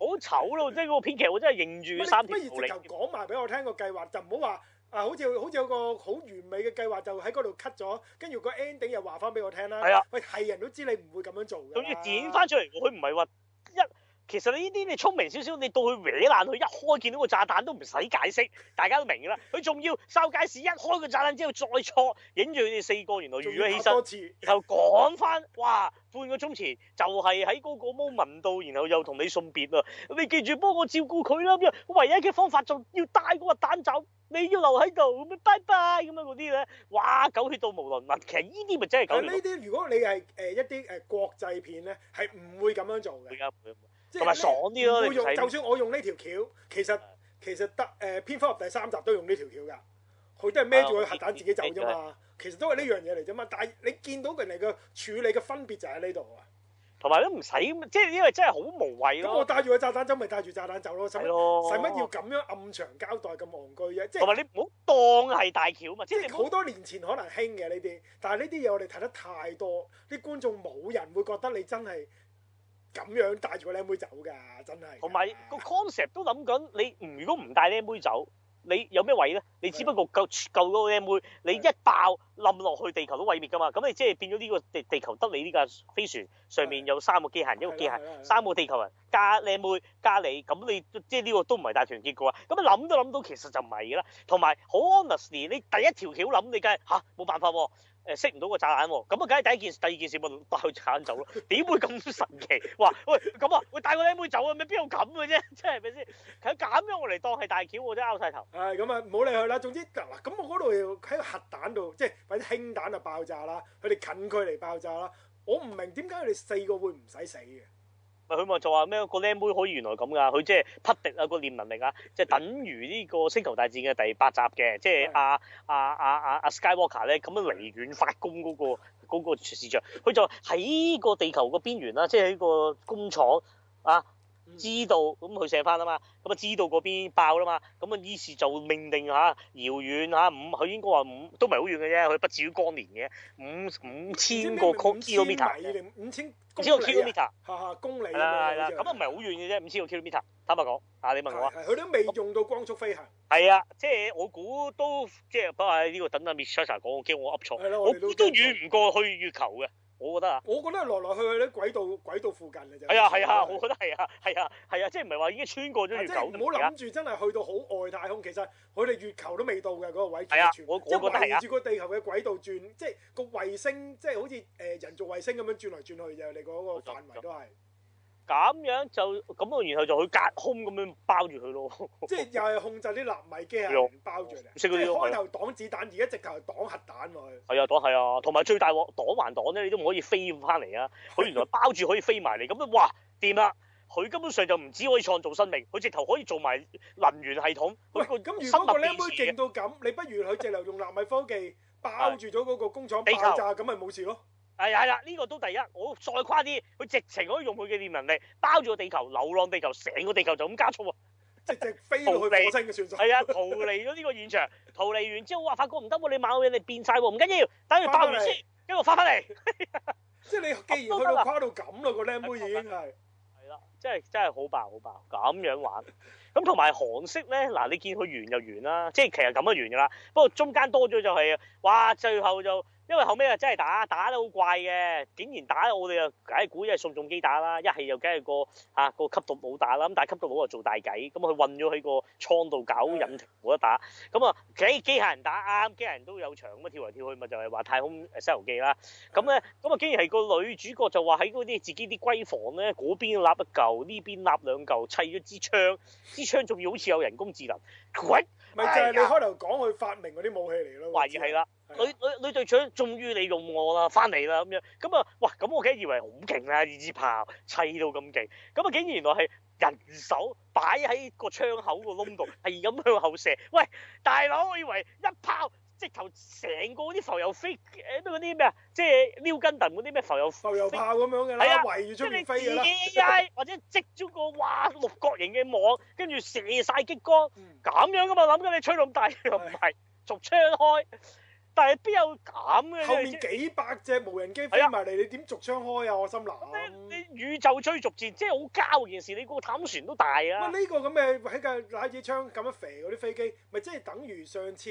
好醜咯！即係 個編劇，我真係認住三 不如直頭講埋俾我聽個計劃，就唔好話，啊，好似好似有個好完美嘅計劃，就喺嗰度 cut 咗，跟住個 ending 又話翻俾我聽啦。係啊，喂，係人都知你唔會咁樣做嘅。咁要剪翻出嚟，佢唔係話一。其實你呢啲你聰明少少，你到去搲爛佢一開見到個炸彈都唔使解釋，大家都明㗎啦。佢仲要收街市一開個炸彈之後再錯，影住佢哋四個原來遇咗犧牲，就講翻哇半個鐘前就係喺嗰個 moment 度，然後又同你送別啊。你記住幫我照顧佢啦，唯一嘅方法就要帶個蛋走，你要留喺度咁樣 bye bye 咁樣嗰啲咧。哇，狗血到無倫物，其實呢啲咪真係狗血。咁呢啲如果你係誒一啲誒國際片咧，係唔會咁樣做嘅。嗯嗯嗯嗯嗯嗯同埋爽啲咯！你用就算我用呢條橋，不其實、嗯、其實得誒《蝙蝠俠》第三集都用呢條橋噶，佢都係孭住個核彈自己走啫嘛。嗯嗯嗯、其實都係呢樣嘢嚟啫嘛。嗯、但係你見到佢哋嘅處理嘅分別就喺呢度啊。同埋都唔使，即係因為真係好無謂咯。咁我帶住個炸彈都咪帶住炸彈走咯，使乜？使乜的要咁樣暗場交代咁憨居啫？同埋你唔好當係大橋嘛！即係好多年前可能興嘅呢啲，但係呢啲嘢我哋睇得太多，啲觀眾冇人會覺得你真係。咁樣帶住個靚妹走㗎，真係。同埋個 concept 都諗緊，你唔如果唔帶靚妹走，你有咩位咧？你只不過夠夠個靚妹，的你一爆冧落去地球都毀滅㗎嘛。咁你即係變咗呢個地地球得你呢架飛船上面有三個機械，的一個機械三個地球人加靚妹加你，咁你即係呢個都唔係大團結㗎。咁諗都諗到，其實就唔係啦。同埋好 honestly，你第一條橋諗你梗係吓，冇、啊、辦法喎、啊。誒識唔到個炸彈喎、哦，咁啊梗係第一件，第二件事咪帶佢炸彈走咯、啊？點會咁神奇？哇！喂，咁啊，喂帶個靚妹走啊，咩邊度咁嘅啫？即係咪先？佢揀咗我嚟當係大橋喎，真拗晒頭。誒咁啊，唔好理佢啦。總之嗱，咁我嗰度喺個核彈度，即係或者氫彈就爆炸啦，佢哋近距離爆炸啦，我唔明點解佢哋四個會唔使死嘅。佢咪就話咩？個靚妹可以原來咁噶，佢即係匹敵啊、個念能力啊，即係等於呢個《星球大戰》嘅第八集嘅，即係阿阿阿阿阿 Skywalker 咧咁樣離遠發功嗰個嗰個市場，佢就喺個地球個邊緣啦，即係喺個工廠啊。知道咁佢射翻啊嘛，咁啊知道嗰邊爆啦嘛，咁啊於是就命令嚇遙遠嚇五，佢應該話五都唔係好遠嘅啫，佢不至於光年嘅五五千個 kilometer，五千個 kilometer，公里啦，咁啊唔係好遠嘅啫，五千個 kilometer，坦白講，啊你問我啊，佢都未用到光速飛行，係啊，即係我估都即係不過喺呢度等阿銘講我驚我噏錯，我都遠唔過去月球嘅。.我覺得啊，我覺得係來來去去喺軌道軌道附近嘅啫。係啊係啊，我覺得係啊係啊係啊，是是是即係唔係話已經穿過咗條狗。唔好諗住真係去到好外太空，其實佢哋月球都未到嘅嗰、嗰個位，即係圍住個地球嘅軌道轉，即係個衛星即係好似誒人造衛星咁樣轉嚟轉去就你講個範圍都係。冇錯。咁樣就咁啊，然後就佢隔空咁樣包住佢咯，即係又係控制啲納米機呀，用包住你，開頭擋子彈，而家直頭擋核彈落去，係啊，擋係啊，同埋、啊啊、最大鑊擋還擋咧，你都唔可以飛翻嚟啊！佢原來包住可以飛埋嚟，咁啊 哇，掂啦、啊！佢根本上就唔止可以創造生命，佢直頭可以做埋能源系統，咁喂如果個靚妹勁到咁， 你不如佢直頭用納米科技包住咗嗰個工廠爆炸，咁咪冇事咯？係係啦，呢、呢個都第一。我再誇啲，佢直情可以用佢嘅念能力包住個地球，流浪地球成個地球就咁加速啊！直直飛落去火星嘅算在。係啊 離，逃離咗呢個現場，逃離完之後，哇！發覺唔得喎，你某人哋變曬喎，唔緊要，等佢爆完來先，跟住發翻嚟。即係你，既然去到誇到咁啦，樣那個僆妹已經係係啦，真係真係好爆好爆，咁樣玩。咁同埋韓式咧，嗱，你見佢完就完啦，即係其實咁樣就完噶啦。不過中間多咗就係、是，哇！最後就。因為後尾啊真係打，打得好怪嘅，竟然打我哋又，解估一係宋仲基打啦，一係又梗係個啊個吸毒佬打啦，咁但係吸毒佬啊做大計，咁佢混咗喺個倉度搞隱形冇得打，咁啊，幾機械人打啱，機械人都有場咁啊跳嚟跳去，咪就係話太空誒西遊記啦，咁咧咁啊竟然係個女主角就話喺嗰啲自己啲閨房咧，嗰邊立一嚿，呢邊立兩嚿，砌咗支槍，支槍仲要好似有人工智能。咪就係你開頭講佢發明嗰啲武器嚟咯，懷疑係啦。啊、女女女隊長終於利用我啦，翻嚟啦咁樣。咁啊，咁我梗以為好勁啦，二支炮砌到咁勁。咁啊，竟然原來係人手擺喺個窗口個窿度，係咁 向後射。喂，大佬我以為一炮。直即頭頭成個啲浮遊飛誒，嗰啲咩啊？即係撩根藤嗰啲咩浮遊浮遊炮咁樣噶啦，圍住出面飛 ai 或者織咗個哇六角形嘅網，跟住射晒激光咁、嗯、樣噶嘛諗緊，你吹咁大、嗯、又唔係、啊、逐槍開，但係邊有咁嘅？後面幾百隻無人機飛埋嚟，啊、你點逐槍開啊？我心諗你,你宇宙追逐戰即係好膠件事，你個坦船都大啊！呢個咁嘅喺架拉子槍咁樣肥嗰啲飛機，咪即係等於上次。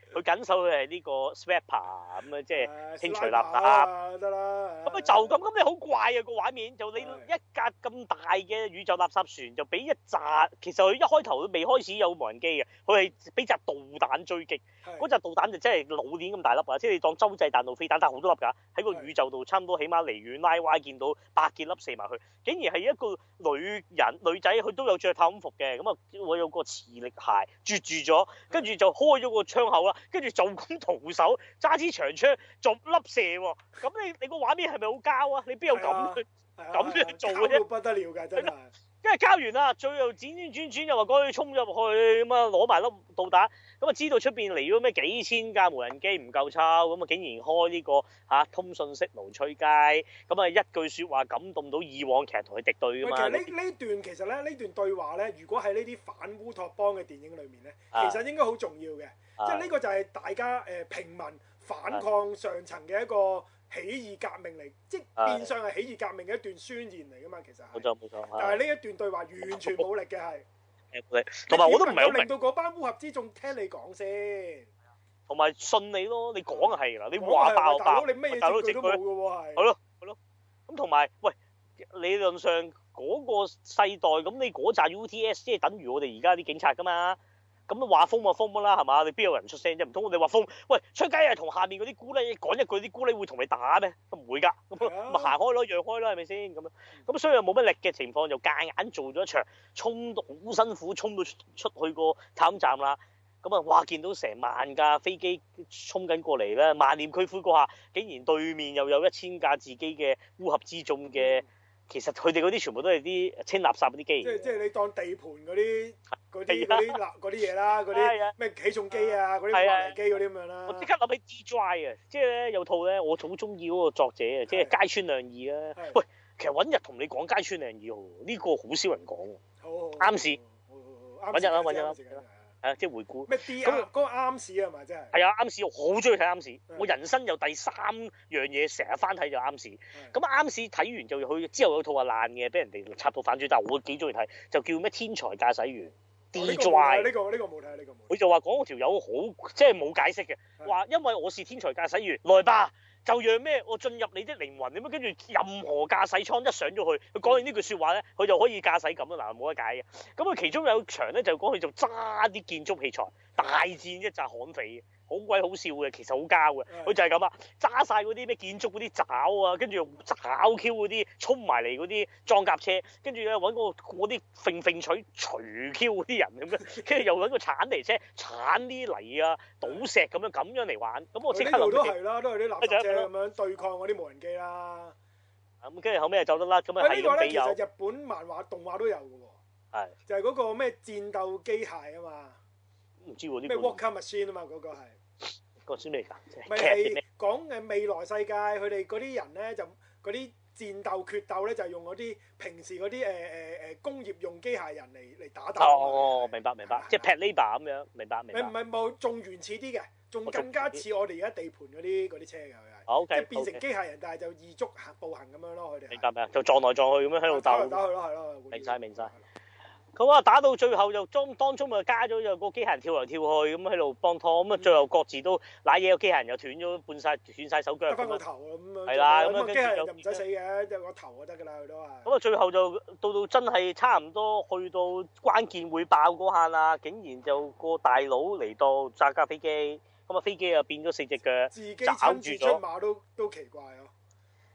佢緊守佢係呢個 sweeper 咁、嗯、啊，即係清除垃圾得啦。咁啊就咁咁，你好怪啊個畫面，就你一架咁大嘅宇宙垃圾船，就俾一紮其實佢一開頭都未開始有無人機嘅，佢係俾隻導彈追擊。嗰隻、啊、導彈就真係老年咁大粒啊！即係你當洲際彈道飛彈，但好多粒㗎，喺個宇宙度差唔多，起碼離遠拉拉見到百幾粒射埋去。竟然係一個女人女仔，佢都有着太空服嘅，咁啊我有個磁力鞋捉住咗，跟住就開咗個窗口啦。跟住做工徒手揸支長槍，做粒射喎、哦。咁你你個畫面係咪好膠啊？你邊有咁咁樣做嘅啫？不，不得了㗎，真係。跟住交完啦，最後剪轉轉轉又話講佢衝入去，咁啊攞埋粒導彈，咁啊知道出邊嚟咗咩幾千架無人機唔夠抽，咁啊竟然開呢、這個嚇、啊、通訊式無吹街。咁啊一句説話感動到以往其實同佢敵對㗎嘛。呢呢段其實咧呢段對話咧，如果喺呢啲反烏托邦嘅電影裏面咧，其實應該好重要嘅，啊、即係呢個就係大家誒、呃、平民反抗上層嘅一個。起義革命嚟，即變相係起義革命嘅一段宣言嚟㗎嘛。其實冇錯冇錯，但係呢一段對話完全冇力嘅係同埋我都唔係好明。到嗰班烏合之眾聽你講先，同埋信你咯。你講係啦，你話爆爆，你咩大佬句都冇嘅喎係。係咯係咯，咁同埋喂理論上嗰個世代咁，你嗰扎 UTS 即係等於我哋而家啲警察㗎嘛。咁你話封啊封啦係嘛？你邊有人唔出聲啫？唔通我哋話封？喂，出街又同下面嗰啲姑呢講一句，啲姑呢會同你打咩？都唔會㗎，咁咪行開咯，讓開咯，係咪先？咁樣咁所以又冇乜力嘅情況，就夾硬做咗一場衝，好辛苦衝到出去個探站啦。咁啊，哇！見到成萬架飛機衝緊過嚟咧，萬念俱灰嗰下，竟然對面又有一千架自己嘅烏合之眾嘅。其實佢哋嗰啲全部都係啲清垃圾嗰啲機，即係即係你當地盤嗰啲嗰啲嗰啲垃嗰啲嘢啦，嗰啲咩起重機啊，啲挖泥機嗰啲咁樣啦。我即刻諗起 Dry 啊，即係咧有套咧，我好中意嗰個作者啊，即係街村亮二啊。喂，其實揾日同你講街村亮二喎，呢個好少人講。好，啱時。揾日啦，揾日啦。啊！即係回顧咩 D？咁嗰個啱市係咪真係？係啊，啱市我好中意睇啱市。我人生有第三樣嘢，成日翻睇就啱市。咁啱市睇完就去之後有套話爛嘅，俾人哋插到反轉，但係我幾中意睇，就叫咩天才駕駛員 D d 呢個呢個冇睇，呢個冇。佢就話講嗰條友好即係冇解釋嘅，話因為我是天才駕駛員，來吧。就讓咩我進入你啲靈魂，點啊？跟住任何駕駛艙一上咗去，佢講完呢句説話呢，佢就可以駕駛咁啊，嗱冇得解嘅。咁佢其中有一場呢，就講佢就揸啲建築器材大戰一紮悍匪嘅。好鬼好笑嘅，其實好膠嘅，佢的就係咁啊！揸晒嗰啲咩建築嗰啲爪啊，跟住用爪 Q 嗰啲衝埋嚟嗰啲裝甲車，跟住咧揾個嗰啲揈揈取除 Q 嗰啲人咁樣，跟住 又揾個鏟泥車鏟啲泥啊倒石咁樣咁樣嚟玩。咁我即刻啦。呢度都係啦，都係啲垃圾咁樣對抗嗰啲無人機啦。咁跟住後尾就走得啦。咁啊睇咗有。日本漫畫動畫都有嘅喎、哦。係的。就係嗰個咩戰鬥機械啊嘛。唔知喎啲、啊。咩 Walker Machine 啊嘛嗰、那個咪係講誒未來世界，佢哋嗰啲人咧就嗰啲戰鬥決鬥咧就用嗰啲平時嗰啲誒誒誒工業用機械人嚟，嚟打鬥、哦。哦，明白是是明白，明白是是即係 Patlabor 咁樣，明白明白。唔係唔係，仲原始啲嘅，仲更加似我哋而家地盤嗰啲嗰啲車嘅佢係。OK，即係變成機械人，但係就二足步行咁樣咯，佢哋。明白未啊？就撞來撞去咁樣喺度打。去咯，係咯白些。明晒明晒。佢話、啊、打到最後就當當中咪加咗又個機械人跳嚟跳去咁喺度幫拖，咁啊最後各自都揦嘢，個、嗯、機械人又斷咗半晒，斷晒手腳，得翻個頭咁、啊、啦咁啊、嗯、後機械人又唔使死嘅，得後就個頭就得㗎啦佢都係。咁啊最後就到到真係差唔多去到關鍵會爆嗰下啦，竟然就個大佬嚟到揸架飛機，咁、那、啊、個、飛機又變咗四隻腳，爪住咗。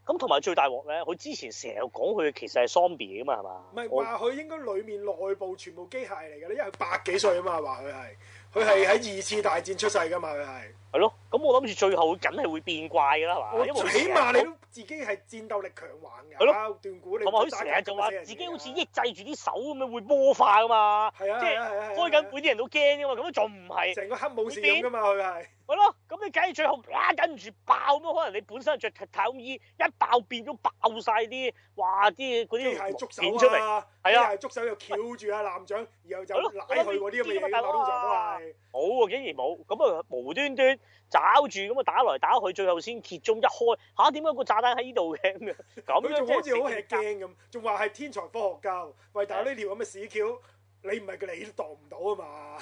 咁同埋最大鑊咧，佢之前成日講佢其實係 Zombie 嘅嘛，係嘛不？唔係話佢應該裏面內部全部機械嚟㗎咧，因為佢百幾歲啊嘛，話佢係，佢係喺二次大戰出世㗎嘛，佢係。係咯，咁我諗住最後會梗係會變怪噶啦，係嘛？我起碼你都自己係戰鬥力強玩嘅，係咯。斷估你，同埋佢成日就話自己好似抑制住啲手咁樣會魔化噶嘛。係啊，即係開緊會啲人都驚噶嘛，咁仲唔係？成個黑武士咁噶嘛，佢係。係咯，咁你梗係最後啊跟住爆咯，可能你本身着太空衣一爆變咗爆晒啲，哇啲嗰啲片出嚟，係啊，觸手又翹住啊。艦長，然後就拉佢嗰啲咁嘅嘢咯，通常都係。冇啊，竟然冇，咁啊無端端。找住咁啊，打來打去，最後先揭盅一開，吓，點解個炸彈喺呢度嘅咁樣？好似好吃驚咁，仲話係天才科學家，喂！打呢條咁嘅屎橋，你唔係你都度唔到啊嘛？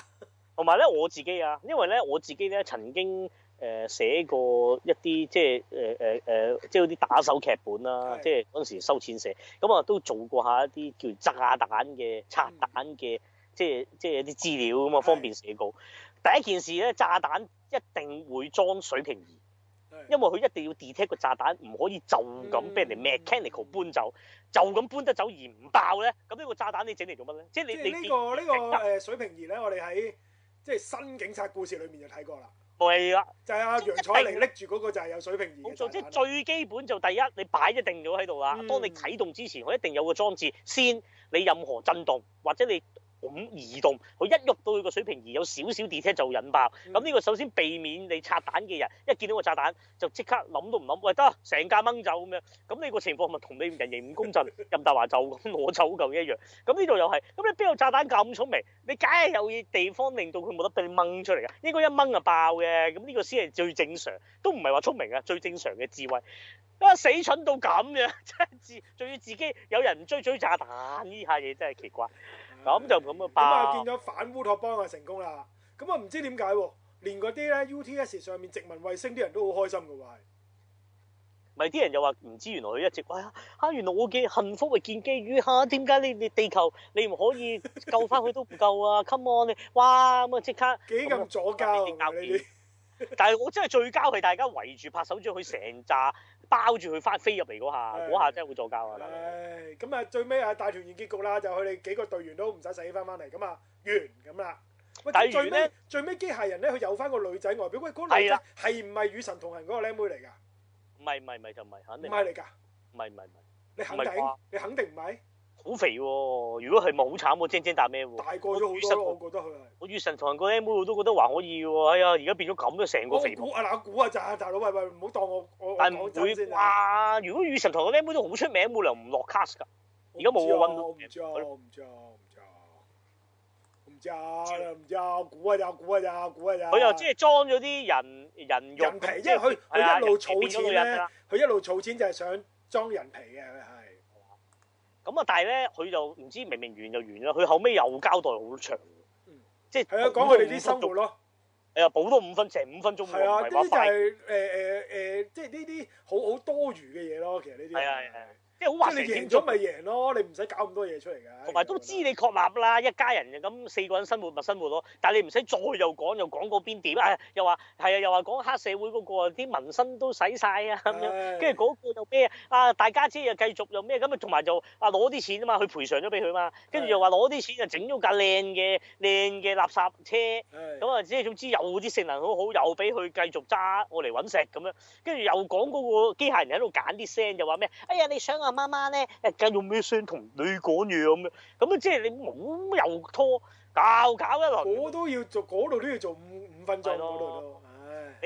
同埋咧，我自己啊，因為咧我自己咧曾經誒寫、呃、過一啲即係誒誒誒，即係嗰啲打手劇本啦、啊，的即係嗰陣時收錢寫，咁、嗯、啊都做過下一啲叫炸彈嘅拆彈嘅，嗯、即係即係一啲資料咁啊，方便寫稿。的第一件事咧，炸彈。一定會裝水平儀，因為佢一定要 detect 個炸彈，唔可以就咁俾人哋 mechanical 搬走，嗯、就咁搬得走而唔爆咧。咁呢個炸彈你整嚟做乜咧？即係呢、呢個呢個誒水平儀咧，我哋喺即係新警察故事裏面就睇過啦。係啦的，就係阿楊彩玲拎住嗰個就係有水平儀。做即係最基本就第一，你擺一定咗喺度啦。嗯、當你啟動之前，我一定有個裝置先，你任何震動或者你。咁移動，佢一喐到佢個水平儀有少少地鐵就引爆。咁呢個首先避免你拆彈嘅人一見到個炸彈就即刻諗都唔諗，喂得成架掹走咁樣。咁你個情況咪同你人形蜈蚣就任達華就咁攞走嚿一樣。咁呢度又係，咁你邊有炸彈咁聰明？你梗係有嘢地方令到佢冇得俾你掹出嚟嘅，應該一掹就爆嘅。咁呢個先係最正常，都唔係話聰明啊，最正常嘅智慧。啊死蠢到咁樣，真係自，仲要自己有人唔追追炸彈呢下嘢真係奇怪。咁就咁啊！咁啊，見咗反烏托邦啊，成功啦！咁啊，唔知點解喎？連嗰啲咧 U T S 上面殖民衛星啲人都好開心嘅喎，係咪啲人又話唔知？原來佢一直喂啊，原來我嘅幸福係建基於吓，點、啊、解你你地球你唔可以救翻佢都唔夠啊 ？Come on！你，哇咁啊，即刻幾咁左膠？定你的但係我真係最交係大家圍住拍手，將佢成扎。包住佢翻飛入嚟嗰下，嗰下的真係會做膠啊！誒，咁啊，最尾啊，大團圓結局啦，就佢哋幾個隊員都唔使死翻翻嚟，咁啊，完咁啦。喂，最尾最尾機械人咧，佢有翻個女仔外表，喂，嗰個女仔係唔係與神同行嗰個靚妹嚟㗎？唔係唔係唔係就唔係，肯定唔係嚟㗎。唔係唔係唔係，你肯定是你肯定唔係。哇好肥喎！如果係咪好慘喎？精精搭咩喎？大個咗好多我覺得佢。我雨神台個 M 妹我都覺得還可以喎，哎呀，而家變咗咁嘅成個肥婆。我我攬估啊，咋？大佬，喂喂，唔好當我我。但唔會話，如果雨神台個 M 妹都好出名，冇理由唔落 cast 㗎。而家冇我揾到。我唔知啊，我唔知啊，我唔知啊，唔知啊，我估下咋，估下咋，估下咋。佢又即係裝咗啲人人皮，即係佢佢一路儲錢咧，佢一路儲錢就係想裝人皮嘅。咁啊，但係咧，佢就唔知明明完就完啦，佢後尾又交代好長，嗯、即係講佢哋啲生活咯。誒補多五分，成五分鐘冇。係啊，呢啲就係誒誒誒，即係呢啲好好多餘嘅嘢咯。其實呢啲係啊，你贏咗咪贏咯，你唔使搞咁多嘢出嚟嘅。同埋都知你確立啦，對一家人咁四個人生活咪生活咯。但係你唔使再又講又講嗰邊點啊？對、哎，又話係啊，又話講黑社會嗰、嗰個啲紋身都洗晒啊咁樣。跟住嗰個又咩啊？大家姐，姐又繼續又咩咁啊？同埋就啊攞啲錢啊嘛，去賠償咗俾佢嘛。跟住又話攞啲錢就整咗架靚嘅靚嘅垃圾車，咁啊即係總之有啲性能好好，又俾佢繼續揸我嚟揾石咁樣。跟住又講嗰個機械人喺度揀啲聲，又話咩？哎呀你想啊！媽媽咧，誒家用咩霜同你講嘢咁樣，咁啊即係你冇又拖搞搞一輪，我都要做嗰度都要做五五分鐘嗰度的都。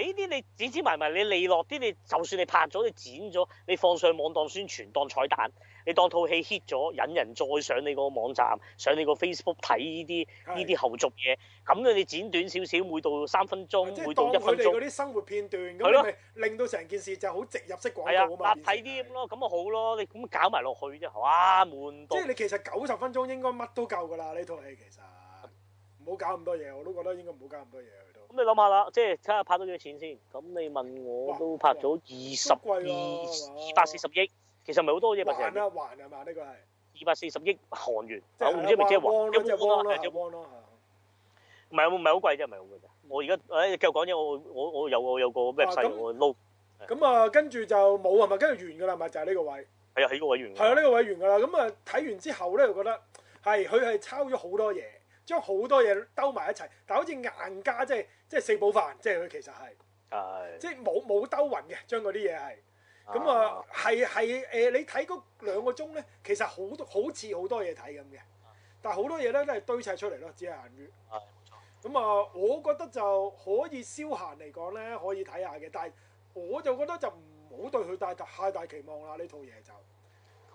呢啲你剪剪埋埋，你利落啲。你就算你拍咗，你剪咗，你放上網上當宣傳，當彩蛋，你當套戲 hit 咗，引人再上你個網站，上你個 Facebook 睇呢啲呢啲是的 後續嘢。咁樣你剪短少少，每到三分鐘，的每到一分鐘。啲生活片段咁咯，咁你令到成件事就好植入式廣告啊嘛。立體啲咁咯，咁咪好咯。你咁搞埋落去啫，哇，悶到。即係你其實九十分鐘應該乜都夠噶啦，呢套戲其實唔好搞咁多嘢，我都覺得應該唔好搞咁多嘢。咁你諗下啦，即係睇下拍咗幾多錢先。咁你問我都拍咗二十二二百四十億，其實咪好多嘢啫，百四十億。還一還係嘛？呢個係二百四十億韓元，唔知唔知還一還咯，一隻 one 咯嚇。唔係唔係好貴啫，唔係好貴啫。我而家誒繼續講啫，我我我有我有個咩細路撈。咁啊，跟住就冇係咪？跟住完㗎啦，咪就係呢個位。係啊，喺個位完㗎。係啊，呢個位完㗎啦。咁啊，睇完之後咧，又覺得係佢係抄咗好多嘢。將好多嘢兜埋一齊，但好似硬加，即係即係四寶飯，即係佢其實係，的即係冇冇兜勻嘅，將嗰啲嘢係。咁啊，係係誒，你睇嗰兩個鐘咧，其實好，好多好似好多嘢睇咁嘅，但係好多嘢咧都係堆砌出嚟咯，只係硬於。啊，冇錯。咁啊，我覺得就可以消閒嚟講咧，可以睇下嘅。但係我就覺得就唔好對佢帶太大期望啦。呢套嘢就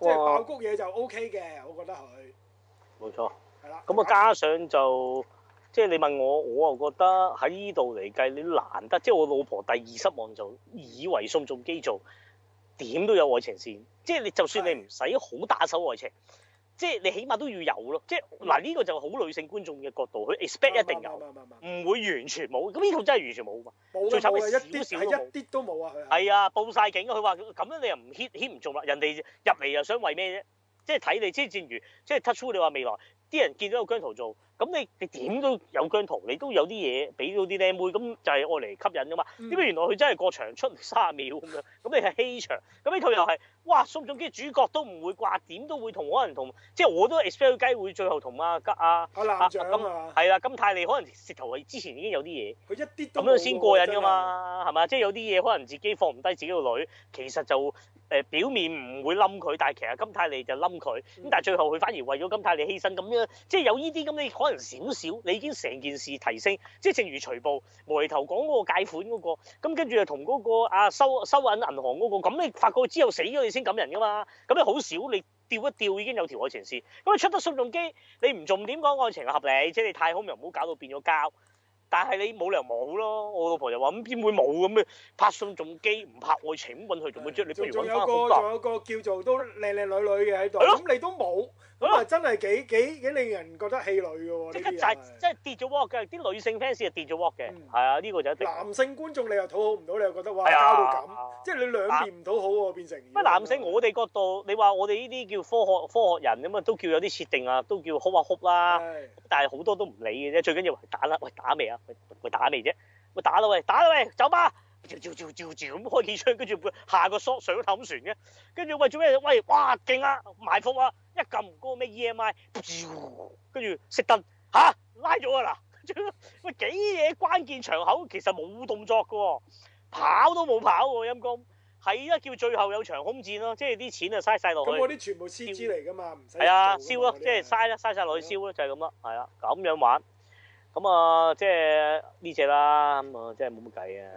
哇即係爆谷嘢就 OK 嘅，我覺得佢。冇錯。咁啊，加上就即係你問我，我又覺得喺呢度嚟計，你難得即係我老婆第二失望就以為宋仲基做，點都有愛情線。即係你就算你唔使好打手愛情，即係你起碼都要有咯。即係嗱呢個就好女性觀眾嘅角度，佢 expect 一定有，唔的會完全冇。咁呢套真係完全冇嘛？最慘係一係一啲都冇啊！佢係啊，報晒警。佢話咁樣你又唔 hit hit 唔中啦。人哋入嚟又想為咩啫？即係睇你。即係正如即係 tattoo 你話未來。啲人見到有姜濤做，咁你你點都有姜濤，你都有啲嘢俾到啲靚妹，咁就係愛嚟吸引噶嘛？點解、嗯、原來佢真係過場出三十秒咁樣？咁你係欺場。咁呢套又係，哇！宋仲基主角都唔會掛，點都會同可能同，即係我都 expect 雞會最後同阿吉阿阿男著嘛、啊。啦、啊啊，金泰利可能直頭係之前已經有啲嘢，佢一啲都冇。咁樣先過癮噶嘛？係嘛？即係有啲嘢可能自己放唔低自己個女，其實就～表面唔會冧佢，但係其實金泰利就冧佢咁。但係最後佢反而為咗金泰利犧牲咁樣，即係有呢啲咁，你可能少少，你已經成件事提升。即係正如徐步埋頭講嗰個借款嗰個，咁跟住又同嗰個啊收收銀銀行嗰個，咁你發覺之後死咗你先感人噶嘛？咁你好少你調一調已經有條愛情線，咁你出得宋仲基你唔重點講愛情合理，即係你太好，人唔好搞到變咗膠。但係你冇理由冇咯，我老婆就話咁邊會冇咁嘅拍宋仲基唔拍愛情咁揾佢，做乜啫？你不如揾翻仲有，個，的有個叫做都靚靚女女嘅喺度，咁的你都冇。咁啊，真係幾幾幾令人覺得氣餒嘅喎，即刻就係即係跌咗鑊嘅，啲女性 fans 就跌咗鑊嘅，係、嗯、啊，呢、這個就一、是、定。男性觀眾你又討好唔到，你又覺得哇，哎、呀交到咁，啊、即係你兩邊唔討好喎，啊、變成。乜男性？我哋角度，你話我哋呢啲叫科學科學人咁啊，都叫有啲設定啊，都叫哭下哭啦。但係好多都唔理嘅啫，最緊要話打啦，喂打未啊？喂喂打未啫？喂打啦喂打啦喂走吧。照照照，招咁開幾槍，跟住下個 shot 上氹船嘅，跟住喂做咩？喂，哇勁啊，埋伏啊，一撳嗰個咩 EMI，跟住熄燈，嚇、啊、拉咗啊嗱，喂幾嘢關鍵場口，其實冇動作喎、哦，跑都冇跑喎陰公，係依家叫最後有長空戰咯，即係啲錢啊嘥晒落去。咁我啲全部 CG 嚟噶嘛，係掉啊，燒咯，即係嘥啦，嘥晒落去燒咯，就係咁啦，係啊，咁樣，樣玩。咁、嗯、啊，即係呢隻啦，咁、嗯、啊，即係冇乜計啊。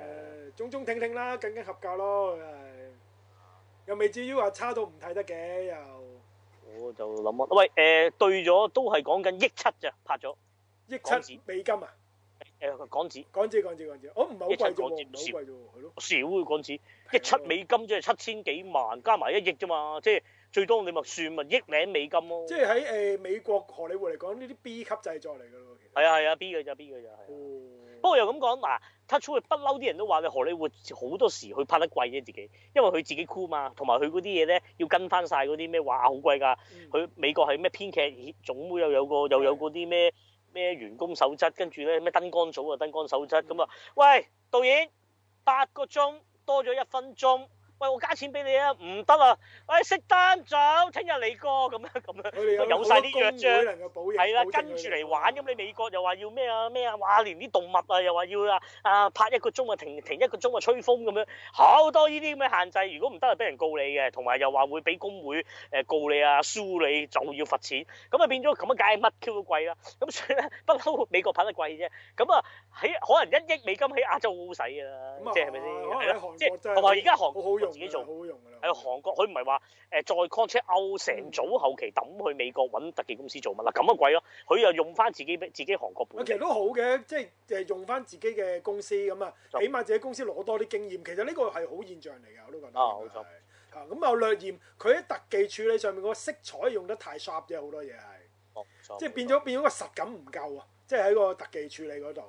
誒，中中聽聽啦，更加合格咯，又未至於話差到唔睇得嘅又。我就諗啊，喂，誒、呃、對咗都係講緊億七咋，拍咗億七美金啊？誒港紙，港紙、啊啊、港紙港紙，哦唔係好貴啫喎，唔貴啫喎，係咯，少嘅港紙，億七美金即係七千幾萬，加埋一億啫嘛，即係。最多你咪算咪億兩美金咯、啊，即係喺誒美國荷里活嚟講呢啲 B 級製作嚟㗎喎，係啊係啊 B 嘅咋 B 嘅咋。哦、不過又咁講嗱 touch wood 不嬲啲人都話你荷里活好多時佢拍得貴啫自己，因為佢自己 cool 嘛，同埋佢嗰啲嘢咧要跟翻晒嗰啲咩哇好貴㗎，佢、嗯、美國係咩編劇協總會又有個又有嗰啲咩咩員工守則，跟住咧咩燈光組啊燈光守則咁啊，喂導演八個鐘多咗一分鐘。喂，我加錢俾你啊，唔得啊！喂，熄單走，聽日你過咁樣咁樣，樣有晒啲約章，係啦，跟住嚟玩咁。你、嗯、美國又話要咩啊咩啊，話連啲動物啊又話要啊啊，拍一個鐘啊停停一個鐘啊吹風咁樣，好多呢啲咁嘅限制。如果唔得啊，俾人告你嘅，同埋又話會俾工會誒、呃、告你啊，輸你就要罰錢。咁啊變咗咁啊，梗係乜 Q 都貴啦。咁所以咧，不嬲美國拍得貴啫。咁啊，喺可能一億美金喺亞洲好使㗎即咁啊，係咪先？係咯、啊，即係同埋而家韓國好自己做，好好用㗎啦。係韓國，佢唔係話誒再 contract out 成組後期抌去美國揾特技公司做嘛？嗱，咁啊貴咯。佢又用翻自己俾自己韓國本。其實都好嘅，即係用翻自己嘅公司咁啊，起碼自己的公司攞多啲經驗。其實呢個係好現象嚟㗎，我都覺得。啊，咁是啊錯略嫌佢喺特技處理上面個色彩用得太 sharp 啫，好多嘢係。哦。即係錯變咗變咗個實感唔夠啊！即係喺個特技處理嗰度。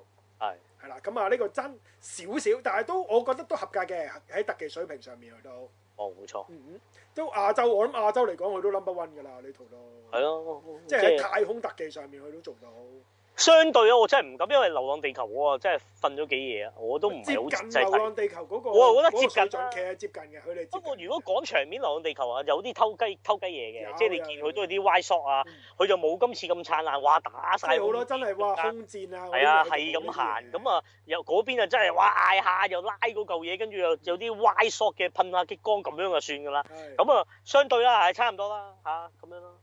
係啦，咁啊呢個真少少，但係都我覺得都合格嘅，喺特技水平上面佢都。哦，冇錯。嗯嗯，都亞洲，我諗亞洲嚟講佢都 number one 㗎啦，呢套都，係咯，即係喺太空特技上面佢都做到。相對咯，我真係唔敢，因為《流浪地球》我啊真係瞓咗幾夜啊，我都唔係好實際。接近《流浪地球》嗰個，我啊覺得接近。近期係接近嘅，佢哋。不過如果講場面《流浪地球》啊，有啲偷雞偷雞嘢嘅，即係你見佢都係啲歪 shot 啊，佢就冇今次咁燦爛，話打晒。好咯，真係話空戰啊。係啊，係咁行，咁啊，又嗰邊啊真係話嗌下，又拉嗰嚿嘢，跟住又有啲歪 shot 嘅噴下激光，咁樣就算㗎啦。咁啊，相對啦，係差唔多啦，嚇咁樣咯。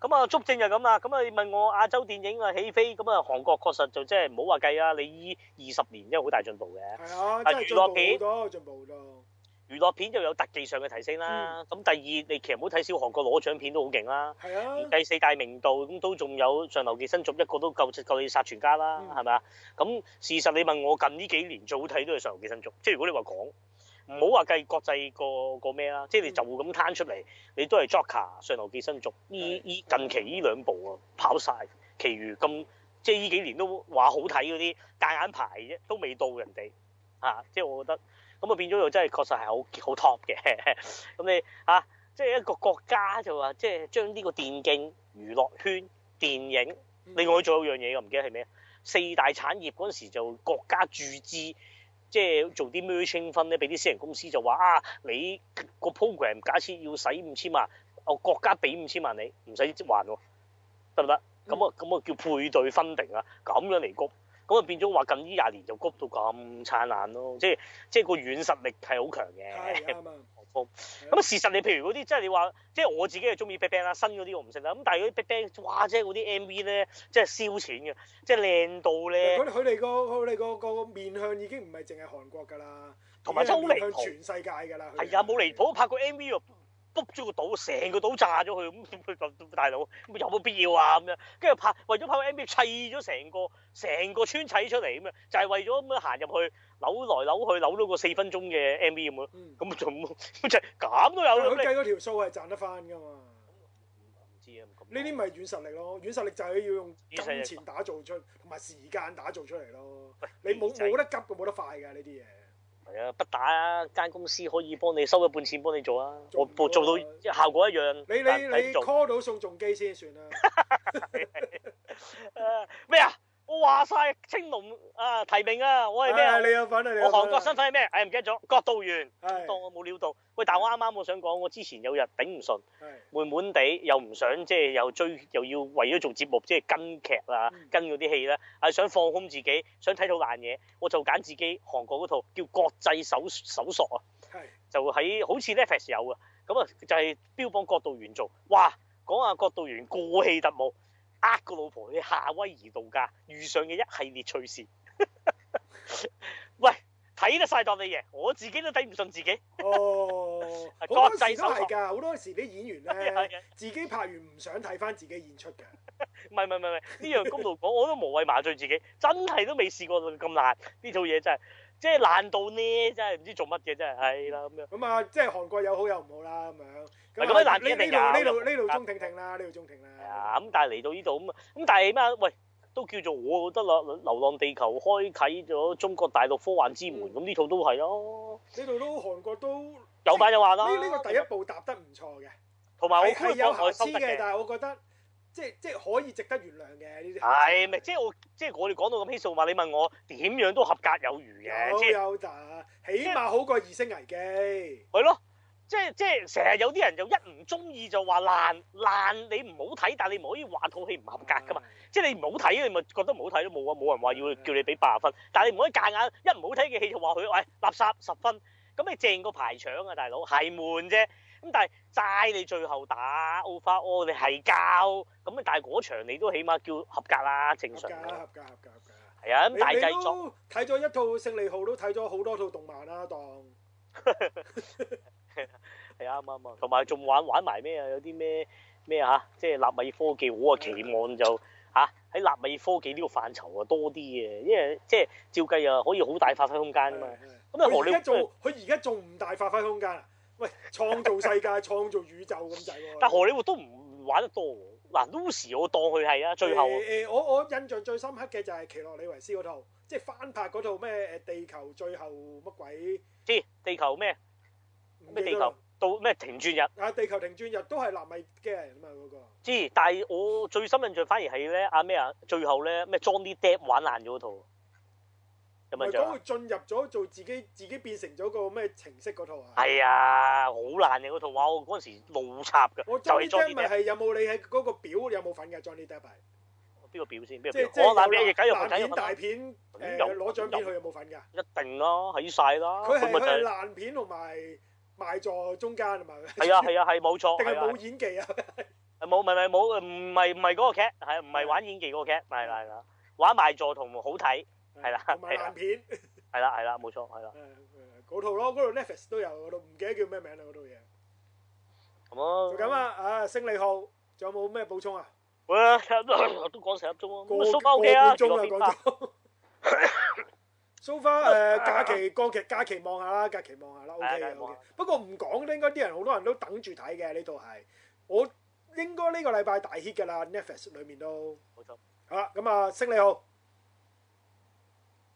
咁啊，足證就咁啊。咁啊，你問我亞洲電影啊起飛，咁啊韓國確實就即係唔好話計啊。你依二十年真係好大進步嘅，係啊，娛樂片有進步咗，進步咗。娛樂片又有特技上嘅提升啦。咁、嗯、第二，你其實唔好睇小韓國攞獎片都好勁啦。係啊，第四大名導都仲有《上流寄生族》，一個都夠夠你殺全家啦，係咪啊？咁事實你問我近呢幾年最好睇都係《上流寄生族》即，即係如果你話講。唔好話計國際個個咩啦，即係你就咁攤出嚟，你都係 Joker、上流寄生族。依依近期呢兩部啊，跑晒，其餘咁即係呢幾年都話好睇嗰啲，夾硬排啫，都未到人哋嚇、啊。即係我覺得咁啊，變咗又真係確實係好好 top 嘅。咁你嚇，即係一個國家就話即係將呢個電競娛樂圈、電影，另外仲有樣嘢㗎，唔記得係咩？四大產業嗰陣時候就國家注資。即係做啲 merging fund，俾啲私人公司就話啊，你個 program 假設要使五千萬，我國家俾五千萬你，唔使還喎，得唔得？咁啊，咁啊叫配對 funding 啊，咁樣嚟谷，咁啊變咗話近呢廿年就谷到咁燦爛咯，即係即係個軟實力係好強嘅。咁啊，事實你譬如嗰啲，即係你話，即係我自己係中意 BigBang 啦，新嗰啲我唔識啦。咁但係嗰啲 BigBang，哇，即係嗰啲 MV 咧，即係燒錢嘅，即係靚到咧。佢佢哋個佢哋個個面向已經唔係淨係韓國㗎啦，同埋衝向全世界㗎啦。係啊，冇離譜，拍過 MV 喎。卜住個島，成個島炸咗佢咁，大佬有冇必要啊？咁樣，跟住拍為咗拍個 MV 砌咗成個成個村砌出嚟咁樣，就係、是、為咗咁樣行入去扭來扭去扭到個四分鐘嘅 MV 咁咯。咁咪仲乜就咁都有咯？佢計嗰條數係賺得翻㗎嘛？唔、嗯、知啊，呢啲咪軟實力咯，軟實力就係要用金錢打造出，同埋時間打造出嚟咯。你冇冇、就是、得急㗎，冇得快㗎呢啲嘢。這啊、不打啊！間公司可以幫你收一半錢，幫你做啊！啊，我做到效果一樣，你你做你 call 到宋仲基先算啦。咩啊？我話晒青龍啊提名啊，我係咩啊？你有份啊。我韓國身份係咩？誒唔記得咗，郭道元。當我冇料到。喂，但係我啱啱我想講，我之前有日頂唔順，悶悶地又唔想即係又追又要為咗做節目即係跟劇啊，跟嗰啲戲咧、啊，係想放空自己，想睇套爛嘢，我就揀自己韓國嗰套叫《國際搜搜索》啊。係。就喺好似 Netflix 有啊。咁啊就係標榜郭道元做，哇講下郭道元過氣特務。呃，個老婆去夏威夷度假，遇上嘅一系列趣事。 喂，睇得晒當你爺，我自己都睇唔順自己。哦 oh,，好多時都係噶，好多時啲演員咧， 的自己拍完唔想睇翻自己的演出嘅。唔係唔係唔係，呢樣公道講，我都無謂麻醉自己，真係都未試過咁難，呢套嘢真係。即係爛到呢，真係唔知做乜嘢，真係，係啦咁樣。咁啊，即係韓國有好有唔好啦咁樣。咁啊，呢呢度呢度呢度中停停啦，呢度中停啦。係啊，咁但係嚟到呢度咁啊，咁但係咩啊？喂，都叫做我覺得《流浪地球》開啟咗中國大陸科幻之門，咁呢套都係咯。呢度都韓國都有板有眼啦。呢呢個第一步踏得唔錯嘅，同埋好開放佢嘅，但係我覺得。即係即係可以值得原諒嘅呢啲，係咪、哎？即係我即係我哋講到咁閪數碼，你問我點樣都合格有餘嘅，有即有得，起碼好過二星危機。係咯，即係即係成日有啲人就一唔中意就話爛爛，你唔好睇，但係你唔可以話套戲唔合格噶嘛。嗯、即係你唔好睇，你咪覺得唔好睇都冇啊，冇人話要叫你俾八十分。嗯、但係你唔可以夾硬，一唔好睇嘅戲就話佢，喂垃圾十分，咁你正個排場啊，大佬係悶啫。咁但係齋你最後打奧法奧，你係教咁啊大嗰場你都起碼叫合格啦，正常。合格，合格，合格，合格。係啊的，咁你大製作睇咗一套《勝利號》，都睇咗好多套動漫啦、啊。當。係啱啱啊！同埋仲玩玩埋咩啊？有啲咩咩嚇？即係納米科技，我啊期望就嚇喺納米科技呢個範疇啊多啲嘅，因為即係照計啊可以好大發揮空間㗎嘛。佢而家做，佢而家仲唔大發揮空間啊！喂，創造世界、 創造宇宙咁滯喎！但荷里活都唔玩得多喎、啊。嗱，Lucy、啊、我當佢係啊，最後、呃呃、我我印象最深刻嘅就係奇洛里維斯嗰套，即係翻拍嗰套咩地球最後乜鬼？知地球咩咩地球到咩停轉日？啊，地球停轉日都係納米嘅人啊嘛嗰、嗰個。知，但係我最深印象反而係咧啊咩啊，最後咧咩裝啲 Dead 玩爛咗嗰套。唔係講佢進入咗做自己，自己變成咗個咩程式嗰套啊？係啊，好爛嘅嗰套畫，我嗰陣時怒插嘅。我就你聽問係有冇你喺嗰個表有冇份嘅？Johnny Depp 係邊個表先？邊個表？我攬咩嘢？爛片大片誒攞獎片，佢有冇份㗎？一定啦，喺曬啦。佢係爛片同埋賣座中間係咪？係啊係啊係冇錯。定係冇演技啊？冇係咪冇唔係唔係嗰個劇係唔係玩演技嗰個劇？係啦係啦，玩賣座同好睇。係啦，係爛片。係啦，係啦，冇錯，係啦。嗰套咯，嗰套 Netflix 都有，我都唔記得叫咩名啦，嗰套嘢。咁咯。咁啊，啊，勝利號，仲有冇咩補充啊？好啊，都講成粒鐘咯。個個半鐘啊，講到。蘇花，誒，假期，假期，假期望下啦，假期望下啦，OK，OK。不過唔講咧，應該啲人好多人都等住睇嘅呢套係。我應該呢個禮拜大 hit 噶啦，Netflix 裏面都。冇錯。好啦，咁啊，勝利號。